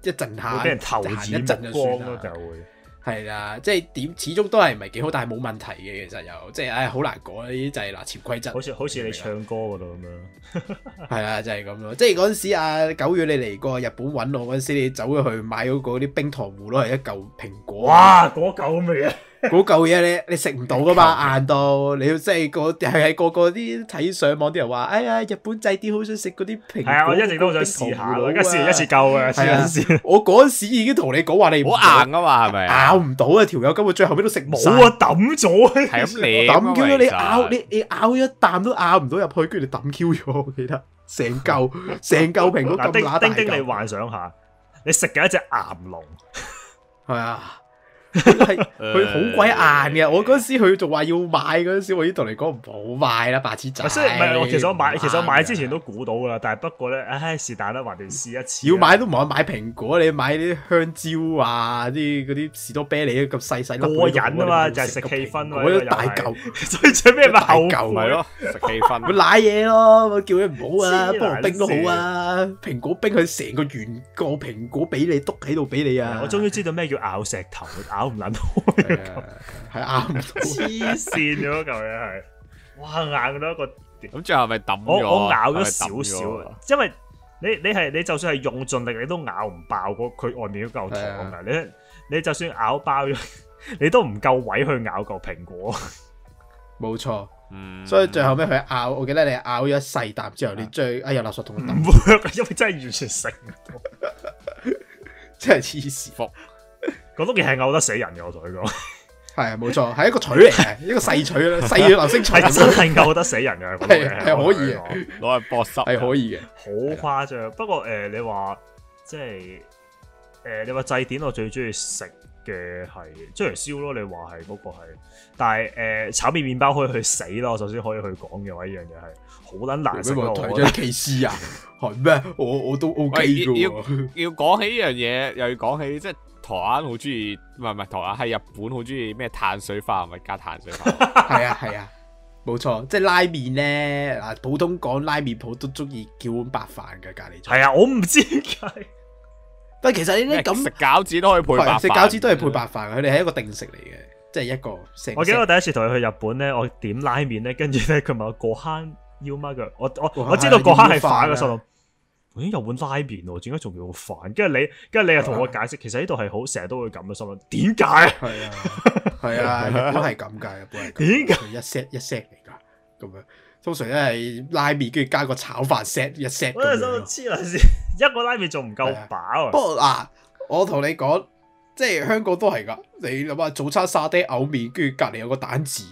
Speaker 2: 一陣下。俾人投視目光咯，就會。係啦，即係點始終都係唔係幾好，但係冇問題嘅其實又即係唉好難講呢啲就係、是、嗱潛規則，好似像的好似你唱歌嗰度咁樣，係 啊就係咁咯，即係嗰陣時阿狗雨你嚟過日本搵我嗰陣時，你走咗去買嗰個啲冰糖葫蘆係一嚿蘋
Speaker 3: 果，哇嗰嚿味啊！嗯
Speaker 2: 嗰嚿嘢你你食唔到噶嘛 硬到你要即係個係係個個啲睇上網啲人話，哎呀日本仔啲好想食嗰啲蘋果、啊，我一直都好想試下，而家、啊、試完一次夠啊！一我嗰陣時已經同你講話你唔好硬啊嘛，係咪咬唔到啊條友？這個、根本最後邊都食冇啊抌咗啊！抌你抌咗你咬你你咬一啖都咬唔到入去，跟住你抌 Q 咗，我記得成嚿成嚿蘋果咁乸大嚿， 丁丁你
Speaker 3: 幻想下你食緊一隻岩龍係啊！ 係佢好鬼
Speaker 2: 硬嘅，我嗰時佢仲話要買嗰陣時，我已經同你講唔好買啦，白痴仔。所以唔係，其實我買，其實我買之
Speaker 3: 前都估到噶啦，但係不過咧，唉，是但啦，橫掂試一次。要
Speaker 2: 買都唔好買蘋果，你買啲香蕉啊，啲嗰啲士多啤梨咁細細粒，過癮啊嘛，就係食氣氛。我大嚿，所以做咩買大嚿？咪咯，食氣氛。
Speaker 1: 我瀨嘢
Speaker 2: 咯，叫佢唔好啊，菠蘿冰都好啊，蘋果冰佢成個圓個蘋果俾你篤喺度俾你啊！我終於知道咩叫咬
Speaker 3: 石頭，都唔捻開，係咬唔到，黐線咁樣舊嘢係，哇硬到一個。咁最後咪抌我？我咬咗少少，因為你你係你就算係用盡力，你都咬唔爆佢外面嗰嚿糖噶。你你就算咬爆咗，你都唔夠位去咬個蘋果。冇錯，
Speaker 4: 所以
Speaker 2: 最後尾佢咬，我記得你咬咗一細啖之後，你最哎呀垃圾桶抌咗，
Speaker 3: 因為真係完全食唔到，真係黐線服。嗰碌嘢係嘔得死人嘅，我同佢講，
Speaker 2: 係啊， 冇錯，係一個
Speaker 3: 錘嚟嘅， 一
Speaker 2: 個細錘啦，細嘅流星
Speaker 3: 錘， 真係嘔得死人嘅，係、那、係、個、 可以攞嚟、這個、搏殺，係可以嘅，好誇張。不過誒、呃，你話即係誒，你話祭典我最中意食嘅係即係燒咯。你話係嗰個係，但係誒、呃、炒麵麵包可以去死咯。我首先可以去講嘅話，呢樣嘢係好捻難食嘅。我抬咗歧視啊？係咩？我我都 O K 嘅。要
Speaker 1: 講起呢樣嘢，又要講起即係。就是台灣好中意，唔係唔係台灣係日本好中意咩碳水飯，咪加碳水飯。係啊係啊，
Speaker 2: 冇錯，即係拉麵咧。嗱，普通講拉麵鋪都中意叫碗白飯
Speaker 1: 嘅隔
Speaker 3: 籬。係啊，我唔
Speaker 2: 知解。但其實呢啲咁，食
Speaker 1: 餃子都可以
Speaker 2: 配白飯，食餃子都係配白飯，佢哋係一個定食嚟嘅，即係一個星星。我記得我
Speaker 3: 第一次同佢去日本咧，我點拉麵咧，跟住咧佢問我過坑要乜嘅，我我我知道過坑係飯嘅。咦，有碗拉麵喎？點解仲要好煩？跟住你，跟住你又同我解釋，啊、其實呢度係好成日都會咁嘅心諗，點解？係啊，係啊，一般係咁㗎，一般係咁。點解？一 set 一 set
Speaker 2: 嚟㗎，咁樣通常咧係拉麵，跟住加個炒飯 set 一 set。我
Speaker 3: 想黐撚線，一個拉麵仲唔夠飽？啊？啊、 不過嗱、
Speaker 2: 啊，我同你講，即係香港都係㗎。你諗下，早餐沙爹牛麵，跟住隔離有個蛋治。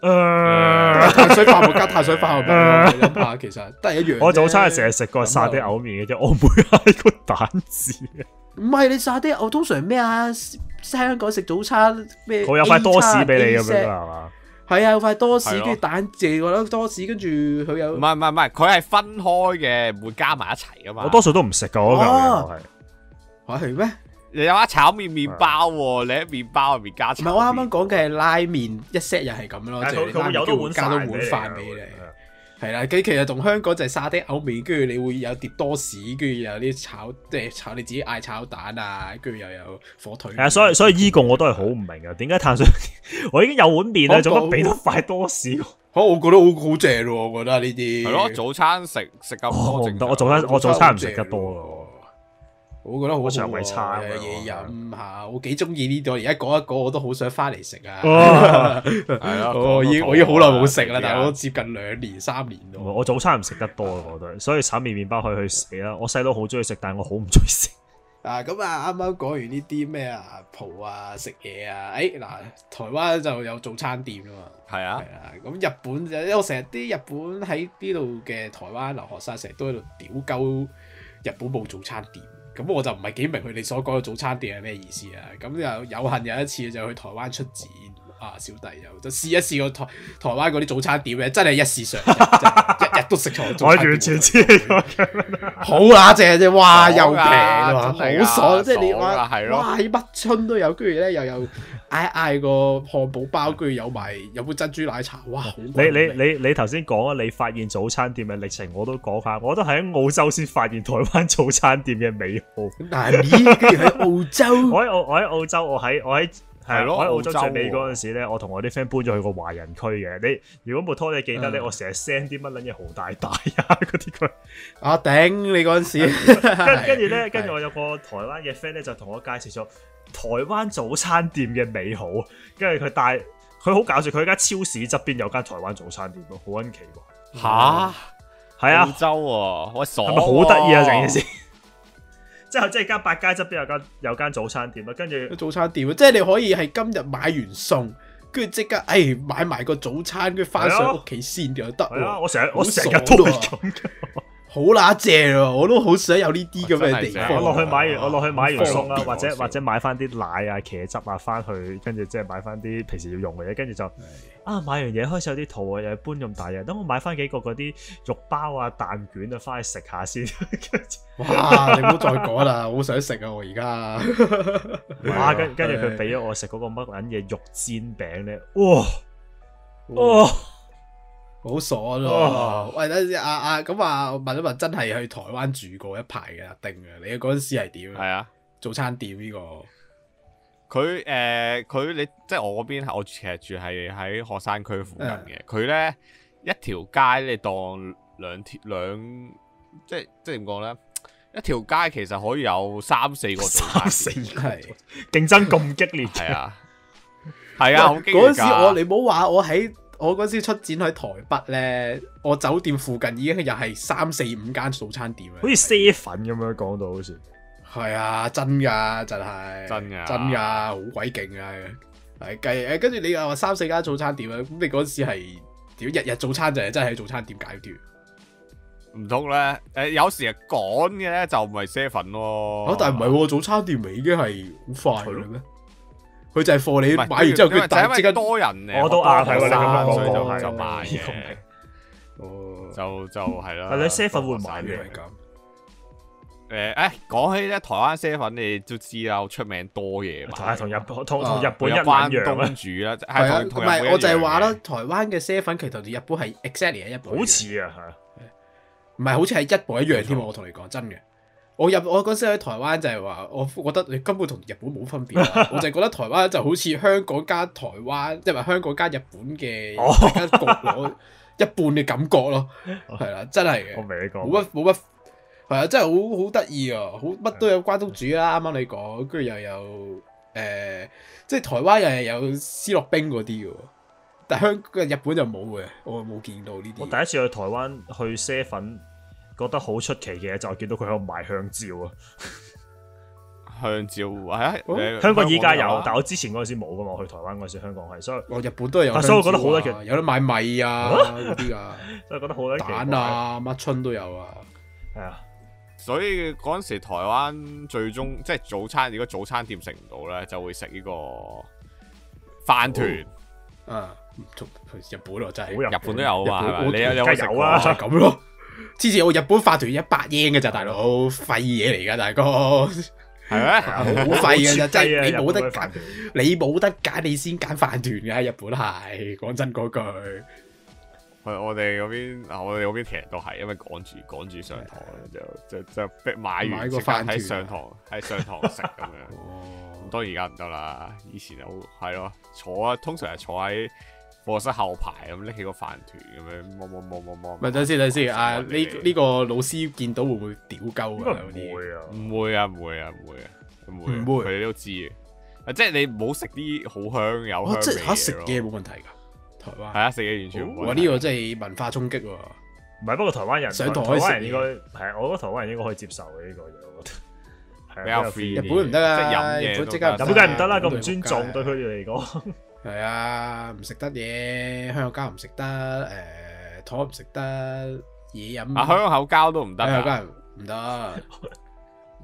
Speaker 3: 誒，呃、碳水加碳水，你諗下其實都係一樣。我早餐係成日食個沙爹牛肉麵嘅啫，嗯、我唔會嗌個蛋治。
Speaker 2: 唔係你沙爹牛通常咩啊？香港食早餐咩？佢有塊多士俾你咁樣啦，係
Speaker 3: 嘛？係啊，有塊多士跟住
Speaker 1: 蛋治，我諗多士跟住佢有。唔係唔係唔係，佢係分開嘅，唔會加埋一齊噶嘛。我多數
Speaker 3: 都唔食噶，我
Speaker 1: 係。話係咩？你有啊
Speaker 2: 炒麵麵包，你喺麵包入面加炒麵。唔係我啱啱講嘅係拉麵一 set 又係咁咯，即係佢會有到碗飯俾你。係啦，佢其實同香港就係沙爹牛麵，跟住你會有碟多士，跟住有啲炒即係炒你自己嗌炒蛋啊，跟住又有
Speaker 1: 火腿。係啊，
Speaker 3: 所以所以依個我都係好唔明啊，點解碳水
Speaker 1: 我已經有碗麵啦，做乜俾得塊多士？可我覺得好好正咯，我覺得呢啲係咯。早餐食食咁
Speaker 3: 多，我早餐我早餐唔食得多咯。
Speaker 2: 我覺得好想好嘅嘢飲下，我幾中意呢度，而家講一講，我都好想翻嚟食啊！係啊哇，我已 我已經好耐冇食啦，但係我都接
Speaker 3: 近兩年三年咯。我早餐唔食得多啊，我都所以炒麵麵包可以去死啦。我細佬好中意食，但係我好唔中意食
Speaker 2: 啊。咁啊，啱啱講完呢啲咩啊蒲啊食嘢啊，誒、啊、嗱、啊哎、台灣就有早餐店啊嘛，係啊，係啊。咁日本，就因為我成日啲日本喺呢度嘅台灣留學生，成日都喺度屌鳩日本冇早餐店。咁我就唔係幾明佢哋所講嘅早餐店係咩意思啊？咁就有幸有一次就去台灣出展啊，小弟又就試一試個台台灣嗰啲早餐店咧，真係一試上， 一日都食曬。 我完全知， 好乸正啫！哇， 又平喎，好、啊、爽！即係爽你話，萬里不春都有，跟住咧又有。嗌嗌個漢堡包，居然的有埋有杯珍珠奶茶，哇！好，你你
Speaker 3: 你你頭先講啊，你發現早餐店嘅歷程，我都講下。我都喺澳洲先發現台灣早餐店嘅美好。但你居然喺澳， 澳，澳洲？我喺澳我喺澳洲，我喺我喺。係咯，喺對澳洲最尾嗰陣時咧，嗯、我同我啲 friend 搬咗去個華人區嘅。你如果冇拖，你記得咧、啊，我成日 send 啲乜撚嘢豪大大啊嗰啲
Speaker 2: 佢。
Speaker 3: 啊頂！你嗰陣時、 啊對 嗯，跟跟住咧，跟住我有個台灣嘅 friend 咧，就同我介紹咗台灣早餐店嘅美好。跟住佢帶，佢好搞笑。佢一間超市側邊有間台灣早餐店好撚奇怪。吓，係啊， 嗯、澳洲，我爽，係咪好得意啊？件、啊、事、啊。 即係即係，間百佳側邊有間有間早餐
Speaker 2: 店啦，跟住早餐店啊，即係你可以係今日買完餸，跟住即刻誒買埋個
Speaker 3: 早餐，跟住翻上屋企先就得喎、啊。我成我成日都係咁嘅。
Speaker 2: 好乸正啊，我都好想有呢啲咁嘅地方。我落去買，我落去買完餸啊，或
Speaker 3: 者想或者買翻啲奶啊、茄汁啊翻去，跟住即係買翻啲平時要用嘅嘢，跟住就是啊買完嘢開始有啲肚啊，又要搬咁大嘢。等我買翻幾個嗰啲肉包啊、蛋卷啊翻去食下先。哇！你唔好再講啦，好 想食啊！我而家哇，跟跟住佢俾咗我食嗰個乜撚嘢肉煎餅咧。哇！哦。哇好傻咯！
Speaker 2: 喂，等陣先阿阿咁啊，我問一問真係去台灣住過一排嘅一定嘅，你嗰陣時係點？係啊，早餐店呢個
Speaker 1: 佢誒，佢你即係我嗰邊，我其實住係喺學生區附近嘅。佢咧一條街，你當兩條兩即係即係點講咧？一條街其實可以有三四個，三四個早
Speaker 3: 餐店係競爭咁激烈，係啊，係啊，嗰陣時我
Speaker 2: 你唔好話我喺。我嗰時出展喺台北咧，我酒店附近已經又係三四五間早餐店啊，好似 seven 咁樣講到好似，係啊，真㗎，真係，真㗎，真㗎，好鬼勁啊！係計誒，跟住你又話三四間早餐店啊，咁你嗰
Speaker 1: 時係點日日早餐就係真係喺早餐店解決？唔通咧？誒、呃、有時趕嘅咧就唔係 seven 咯，但係唔
Speaker 2: 係早餐店咪已經係好快嘅咩？佢就係貨你買完之後佢住即刻多人，嚟。我到壓係啦，所以就買嘅。
Speaker 1: 哦，就就係啦。係你 seven 會買嘅咁。誒誒，講起咧，台灣 seven 你都知啦，出名多嘢。同同日同同日本一樣。主啦，係唔係我就係話
Speaker 2: 啦，台灣嘅 seven 其實同日本係 exactly 一模，好似啊吓。唔係好似係一模一樣添，我同你講真嘅。我入我嗰時去台灣就係話，我覺得你根本同日本冇分別，啊，我就係覺得台灣就好似香港加台灣，即係話香港加日本嘅一、oh. 一半嘅感覺咯，係啦，oh.，真係嘅，我明你講冇乜冇乜，係啊，真係好好得意啊，好乜都有關東煮啦，啊，啱啱你講，跟住又有誒、呃，即係台灣又又有思樂冰嗰啲嘅，但係香港
Speaker 3: 日本就冇嘅，我冇見到呢啲。我第一次去台灣去瀉粉。覺得好出奇嘅就係見到佢喺度賣香蕉啊，香蕉香港依家有，但我之前嗰陣時冇㗎嘛，我去台灣嗰時香港係，所以哦日本都有，所以我覺得好出奇嘅，有得買米啊嗰啲啊。所
Speaker 2: 以覺得好出奇蛋啊乜春都有啊，
Speaker 1: 係啊，所以嗰陣時台灣最終即係早餐，如果早餐店食唔到咧，就會食呢個飯糰啊，日本我真係日本都有啊，你你兩個食過啊咁咯。
Speaker 2: 之前我日本飯團一百英嘅咋大佬，廢嘢嚟噶大哥，係咩？好廢嘅咋，真係你冇得揀，你冇得揀你先揀飯團嘅，日本係講真嗰句。
Speaker 1: 係我哋嗰邊，我哋嗰邊其實都係，因為趕住趕住上堂， 就就就逼買完個飯喺上堂喺上堂食咁樣。當然而家唔得啦，以前好係咯，坐啊，通常係坐喺。課室後排咁拎起個飯團咁樣摸摸摸摸摸，咪等先等先
Speaker 2: 啊！呢呢個老師
Speaker 1: 見到會唔會屌鳩啊？唔會啊！唔會啊！唔會啊！唔會，佢哋都知嘅。啊，即係你唔好食啲好香有香味嘅嘢咯。嚇食嘢冇問題㗎，台灣係
Speaker 3: 啊，食嘢完全冇問題。哇！呢個真係文化衝擊喎。唔係不過台灣人想，台灣人應該係，我覺得台灣人應該可以接受嘅呢個嘢。係啊，日本唔得啦，日本即刻，日本梗係唔得啦，咁唔尊重對佢哋嚟講。係啊，唔食得嘢，
Speaker 2: 香口膠唔食得，誒，糖唔食得，嘢飲啊，香口膠
Speaker 1: 都唔得啊，唔得。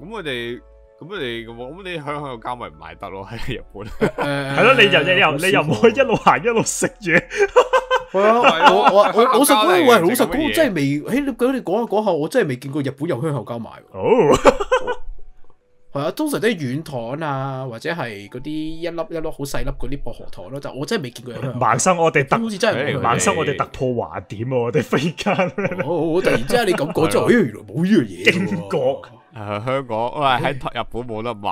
Speaker 1: 咁我哋，咁我哋，咁你香口膠咪唔買得咯喺日本。係咯，你就你又你又唔可
Speaker 3: 以一路行一路食嘢。
Speaker 2: 係啊，我我我我實講啊，老實講真係未，誒，你講你講下講下，我真係未見過日本有香口膠賣。係啊，通常都係軟糖啊，或者係嗰啲一粒一粒好細粒嗰啲薄荷糖咯，但我真係未見過。
Speaker 3: 盲生我哋突，好似真係盲生我哋突破華點啊！我哋忽、 哦、然間，我突然之間你咁講咗，咦？原來冇呢樣嘢驚覺。英國
Speaker 1: 香港我係喺日本冇得買，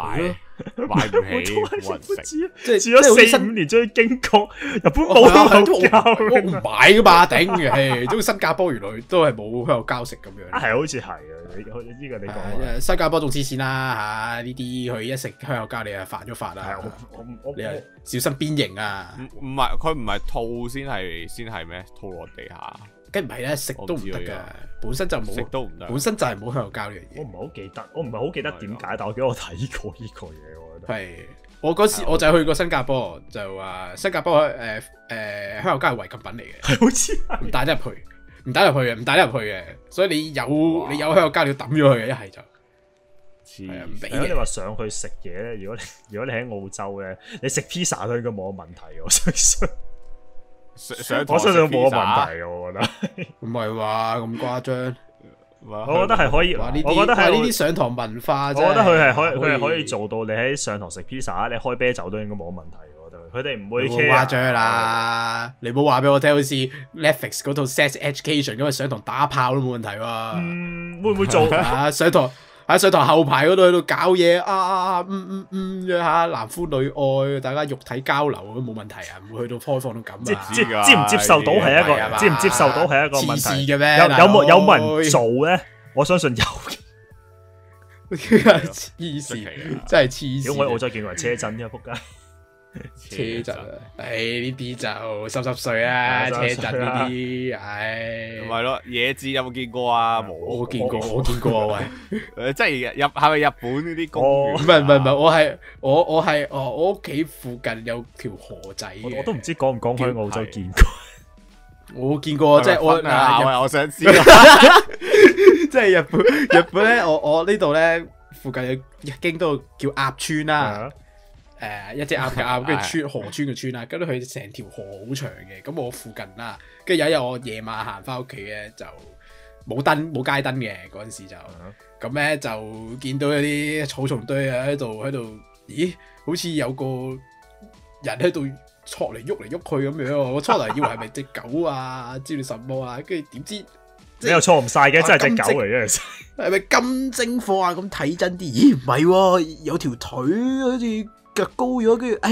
Speaker 1: 買唔起，我唔
Speaker 3: 食。住咗四十五年終於驚覺，日本冇得食，我
Speaker 2: 唔買噶嘛，頂嘅。誒，仲新加坡原來都係冇香口膠食咁樣，係好似係啊。呢
Speaker 3: 個你講
Speaker 2: 新加坡仲黐線啦吓，呢啲佢一食香口膠你啊犯
Speaker 1: 咗法啊，你啊小心鞭刑啊。唔唔係，佢唔係吐先係先係咩？吐落地下。
Speaker 3: 梗唔係咧，食都唔得㗎，
Speaker 1: 本身就冇都唔得，本身就係冇香口膠嘅嘢。我唔係好記得，
Speaker 3: 我唔係好記得點解，的但我記得我睇過呢個嘢我覺得，係，
Speaker 2: 我嗰時的我就去過新加坡，就話新加坡誒誒、呃呃、香口膠係違禁品嚟嘅，係好似唔帶得入去，唔帶得入去嘅，唔帶得入去嘅。所以你有哇你有香口膠，要你要抌咗佢嘅，一係
Speaker 3: 就係啊唔俾你話上去食嘢咧，如果你如果你喺澳洲咧，你食披薩應該冇問題，我相上、上堂，我想冇乜問題啊，食 pizza，我覺得唔係話咁誇張。我覺得係可以。我覺得係呢啲上堂文化我覺得佢係可以，佢係可，以可以做到。你喺上堂食 pizza，你開啤酒都應該冇乜問題。我覺得佢哋唔會誇張啦、啊。的你冇話俾我
Speaker 2: 聽，好似 Netflix 嗰套 Sex Education 咁，上堂打炮都冇問題喎、啊嗯。會唔會做啊？ 上堂。喺水塘後排嗰度去到搞嘢啊啊啊，嗯嗯嗯，咁、嗯、下男歡女愛，大家肉體交流都冇問題啊，唔會去到開放到咁啊，接唔接受到係一個，接唔接受到係一個問題。黐線嘅咩？有冇有冇人做
Speaker 3: 咧？我相信有。黐
Speaker 2: 線 真係黐線。我，我再見過車
Speaker 3: 震一撲街。車震，
Speaker 2: 唉呢啲，就濕濕碎啦，車震呢啲，
Speaker 1: 唉，唔
Speaker 3: 係咯，椰子有冇
Speaker 1: 見過啊？冇，我
Speaker 3: 見過，我
Speaker 2: 見過啊，
Speaker 1: 喂，即係入係咪日本呢啲公
Speaker 2: 園？唔係唔係唔係，我係我我係哦，我屋企附近有條河仔，我都唔
Speaker 3: 知講唔講喺澳洲見過，
Speaker 2: 我見過，即係我我想知，即係日本日本咧，我我呢度咧附近有京都叫鴨川啦。誒，一隻鴨嘅鴨，跟住村河村嘅村啦，咁咧佢成條河好長嘅，咁我附近啦，跟住有一日我夜晚行翻屋企咧，就冇燈冇街燈嘅嗰陣時就，咁咧就見到一啲草叢堆喺度喺度，咦，好似有個人喺度戳嚟喐嚟喐去咁樣，我初頭以為係咪隻狗啊，知唔知神魔啊，跟住點知，你又錯唔晒嘅，真係隻狗嚟嘅，係咪金精貨啊？咁睇真啲，咦唔係喎，有條腿好似。腳高咗，跟住，哎，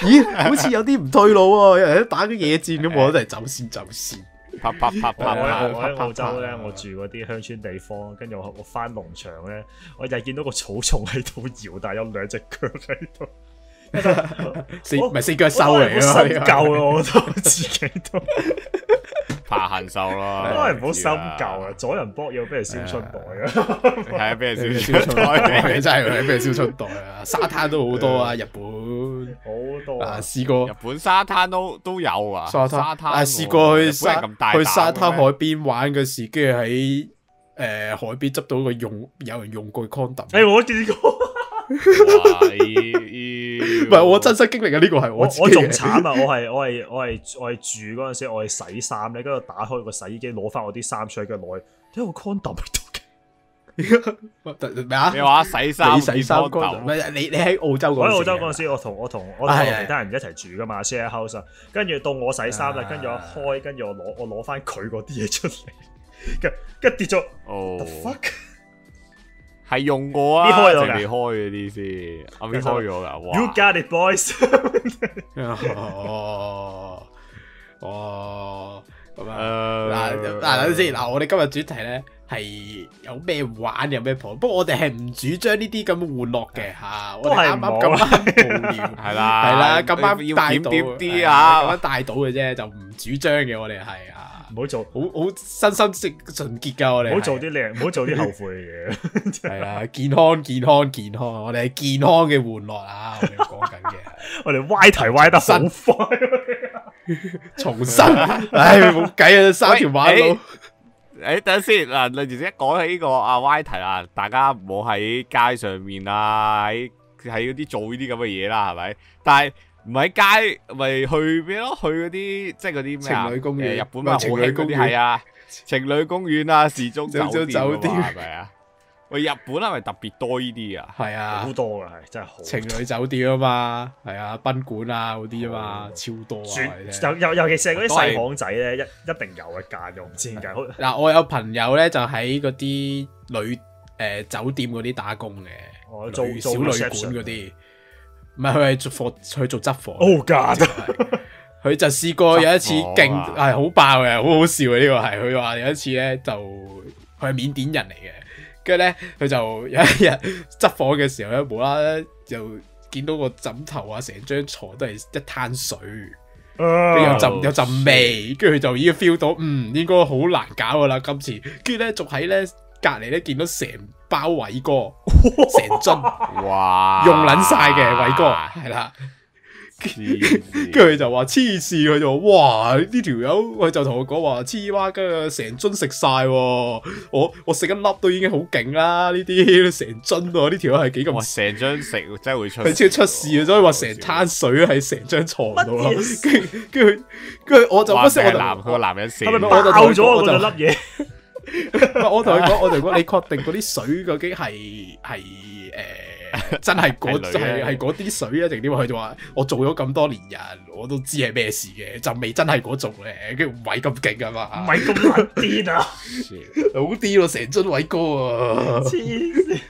Speaker 2: 咦， 好似有啲唔對路啊！有人喺打啲野戰咁，我都係
Speaker 3: 走先，走先，啪啪啪啪啪啪！我喺澳洲咧，我住嗰啲鄉村地方，跟住我場呢，我翻農場咧，我就係見到個草叢喺度搖，但有兩隻腳喺度，四唔係四腳獸嚟嘅，夠咯，我都 我自己都。 怕恆壽咯，都係唔好深究啊！左人 b o 右俾人燒出袋啊！係啊、哎呀，俾人燒出袋，真係俾人燒出袋啊！ 沙灘都好多啊，
Speaker 2: 日本
Speaker 1: 好多啊，啊，本啊，試過日本沙灘都都有啊，沙灘啊，試過去沙去沙灘海
Speaker 2: 邊玩嘅時，跟住喺誒海邊執、呃、到個用有人用過 condom、
Speaker 3: 欸、我見過。
Speaker 2: 唔係我真實經歷嘅呢個係我我仲慘啊！我係
Speaker 3: 我係我係我係住嗰陣時，我係洗衫咧，跟住打開個洗衣機，攞翻我啲衫出嚟，跟住攞一個 condom 喺度嘅。咩啊？你話洗衫？洗衫？唔係你你喺澳洲嗰時，我喺澳洲嗰時，我同我同我其他人一齊住噶嘛 share house。跟住到我洗衫啦，跟住、啊、我開，跟住我攞我攞翻佢嗰啲嘢出嚟，跟跟跌咗。哦。Oh. 係用過啊，未係開
Speaker 1: 嗰啲先，啱先開咗噶。You
Speaker 3: got it, boys！哦
Speaker 1: 哦咁樣，嗱嗱等先，
Speaker 2: 嗱我哋今日主題咧係有咩玩，有咩蒲。不過我哋係唔主張呢啲咁嘅玩樂嘅吓，我哋啱啱咁啱
Speaker 1: 係啦係啦，咁啱要帶到啲
Speaker 2: 啊，咁啱帶到嘅啫，就唔主張嘅我哋係啊。唔好做好好身心正純潔噶我哋，唔好做啲靚，唔好 做啲後悔嘅嘢。係 啦、啊，健康健康健康，我哋係健康嘅玩樂啊！ 我哋講緊嘅， 我哋歪題歪得好
Speaker 1: 快，
Speaker 2: 重新生，唉 生，冇計啊！三條馬路，
Speaker 1: 誒、欸欸，等下先嗱，林小姐一講起呢個阿歪題啊，大家唔好喺街上面啊，喺喺嗰啲做呢啲咁嘅嘢啦，係咪？但係。唔喺街，咪去邊咯？去嗰啲即係嗰啲咩？情侶公園、日本啊，情侶公園係啊，情侶公園啊，時鐘酒店啊，係咪啊？喂，日本係咪特別多呢啲啊？
Speaker 2: 係啊，好多啊，係真係情侶酒店啊嘛，係啊，賓館啊嗰啲啊嘛，超多
Speaker 3: 啊！尤尤其是係嗰啲細巷仔咧，一一定有嘅價用。唔知
Speaker 2: 嗱，我有朋友咧就喺嗰啲旅誒酒店嗰啲打工嘅，做小旅館嗰啲。唔係，佢係做貨，佢做執貨。哦、oh God. 就是，假，真係佢就試過有一次勁係好、啊哎、爆嘅，好好笑嘅呢、呢個係。佢話有一次咧，就佢係緬甸人嚟嘅，跟住咧佢就有一日 執貨嘅時候咧，無啦啦就見到個枕頭啊，成張床都係一攤水，oh, 有陣、oh, 有陣味，跟住佢就已經 feel 到嗯應該好難搞㗎啦，今次。跟住咧，仲喺咧。隔籬咧見到成包偉哥，成樽，
Speaker 1: 哇，用撚晒嘅偉哥，
Speaker 2: 係啦。跟住佢就話黐線，佢就話哇呢條友，佢就同我講話黐蛙，跟住成樽食晒。我我食一粒都已經好勁啦，呢啲成樽啊，呢條友係幾咁？
Speaker 1: 成樽食真會出，佢先
Speaker 2: 出事啊，所以話成灘水喺成張床度啊。跟跟住跟住我就唔識我男佢個男人我就爆咗我就粒嘢。 我同佢講，我同佢講，你確定嗰啲水究竟係係誒真係嗰係係啲水啊？定點？佢就話我做咗咁多年人，我都知係咩事嘅，就未真係嗰種咧。跟住偉咁勁啊嘛，唔係咁癲啊，好啲咯，成樽偉哥啊，黐
Speaker 4: 線。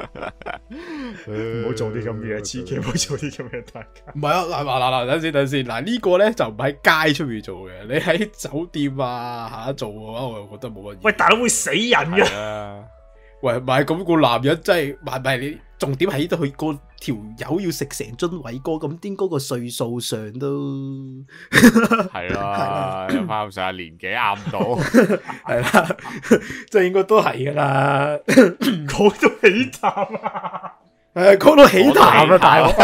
Speaker 3: 唔好 做啲咁嘅，嘢、嗯，千祈唔好做啲咁嘅打
Speaker 2: 交。唔係啊，嗱嗱嗱，等先等先，嗱呢個咧就唔喺街出面做嘅，你喺酒店啊吓做嘅話，我又覺得冇乜嘢。喂大佬會死人嘅！喂唔係咁個男人真係，唔係你。重點喺度，佢個條友要食成樽偉哥，咁啲嗰個歲數上都係啦，唔
Speaker 1: 啱曬年紀，啱唔到，係 啦、啊，即係應該都係
Speaker 3: 噶啦，講 到起痰
Speaker 1: 啊，誒，講到起
Speaker 2: 痰啊，大佬。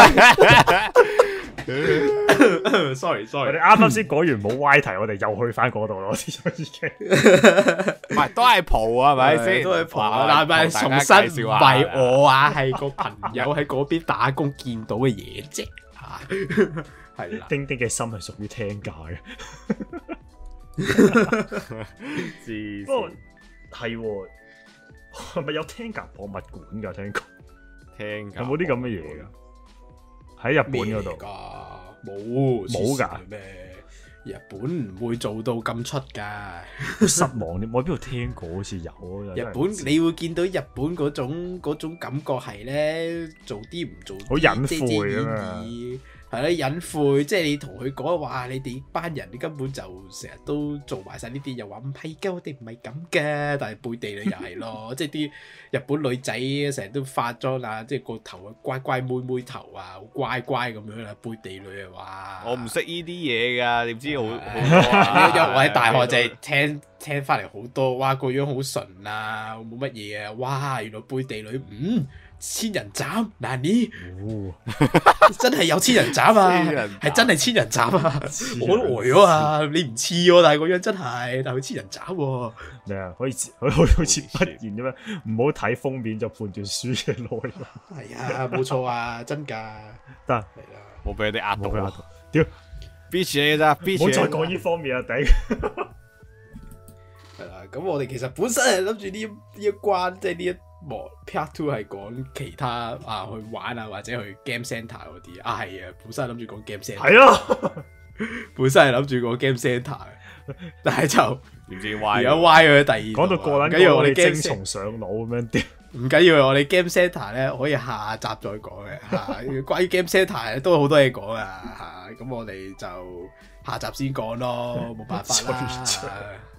Speaker 3: Sorry，Sorry，我哋啱啱先講完，冇歪題，我哋又去翻嗰度咯，之所以唔係都係蒲啊，係咪先都係蒲？但係重新唔係我啊，係個朋友喺嗰邊打工見到嘅嘢啫，係啦。丁丁嘅心係屬於聽價嘅，不過係係咪有聽價博物館噶？聽講，聽有冇啲咁嘅嘢噶？喺日本嗰度噶，冇冇
Speaker 1: 噶，
Speaker 3: 的日
Speaker 2: 本唔會做到咁出噶，
Speaker 3: 失望啲。你喺邊度聽過好似有。日本你
Speaker 2: 會見到日本嗰種嗰種感覺係咧，做啲唔做好隱晦係啦，隱晦，即係你同佢講話，你哋班人，你根本就成日都做埋晒呢啲，又話唔係㗎，我哋唔係咁嘅，但係背地裏又係咯， 即係啲日本女仔成日都化妝啊，即係個頭乖乖妹妹頭啊，好乖乖咁樣啦，背地裏
Speaker 1: 啊，哇！我唔識呢啲嘢㗎，的你知好，
Speaker 2: 好啊、 因為我喺大學就係聽聽翻嚟好多，哇，個樣好純啊，冇乜嘢啊，哇，原來背地裏嗯。千人斬嗱你，哦、真係有千人斬啊！係真係千人斬啊！好呆啊！你唔似哦，但係嗰樣真係，但係佢千人斬。咩啊？可以，佢佢佢似不
Speaker 3: 然啫咩？唔好睇封面就判斷書嘅內
Speaker 2: 容。係啊，冇錯啊，真噶
Speaker 3: 得。冇俾你哋壓到，屌！Bitch 你咋？Bitch，唔再講
Speaker 1: 呢
Speaker 2: 方面啊！頂。係啦，咁我哋其實本身係諗住呢呢一關，即係呢一。冇、哦、Part Two 係講其他啊，去玩啊，或者去 Game Center 嗰啲啊，係啊，本身係諗住講 Game Center，係咯、啊，本身係諗住講 Game Center，但係就
Speaker 3: 唔知而有歪咗
Speaker 2: 第二，講到個撚，唔緊要我哋精蟲
Speaker 3: 上腦咁樣
Speaker 2: 屌，唔緊要，我哋 Game Center 咧可以下集再講嘅嚇， 關於 Game Center 呢都有好多嘢講啊嚇，咁我哋就下集先講咯，
Speaker 4: 冇辦法啊。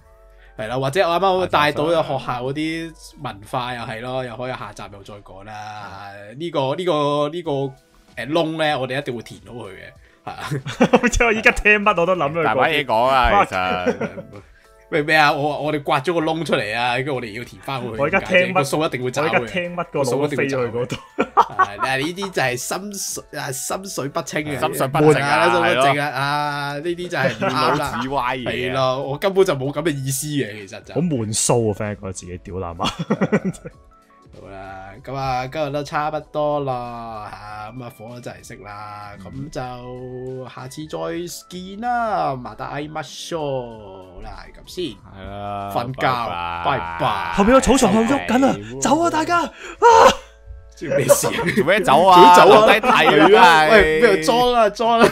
Speaker 2: 係啦，或者我啱啱會帶到有學校嗰啲文化又係咯，又可以下集又再講啦。呢個呢個呢個誒窿咧，我哋一定會填到佢嘅。
Speaker 3: 即係 我依家聽乜我都諗到。大把嘢講啊，其實。
Speaker 2: 咩咩啊！我我哋刮咗個窿出嚟啊，跟住我哋要填翻好。我而家聽乜數一定會走，嘅。而聽乜個數一定會走喺嗰度。呢啲就係心水啊，心水、啊、水不清嘅。心水不正
Speaker 1: 啊，啊了不
Speaker 3: 正
Speaker 2: 啊！了啊，呢啲就係腦子歪嘢。係咯 了，的我根本就冇咁嘅意思嘅，其實，就是。好
Speaker 3: 悶騷啊，friend 覺得自己屌爛麻。
Speaker 2: 好啦，咁啊，今日都差不多啦，吓咁啊，火就嚟熄啦，咁就下次再見啦，唔該，大家晚安，嗱咁先，係啊，瞓覺，拜
Speaker 3: 拜。後面個草
Speaker 1: 叢喺度喐緊啊，
Speaker 3: 走啊大家，啊，
Speaker 1: 做
Speaker 4: 咩事
Speaker 3: 啊？做咩走啊？大低啊！喂！邊度裝啊？裝啊！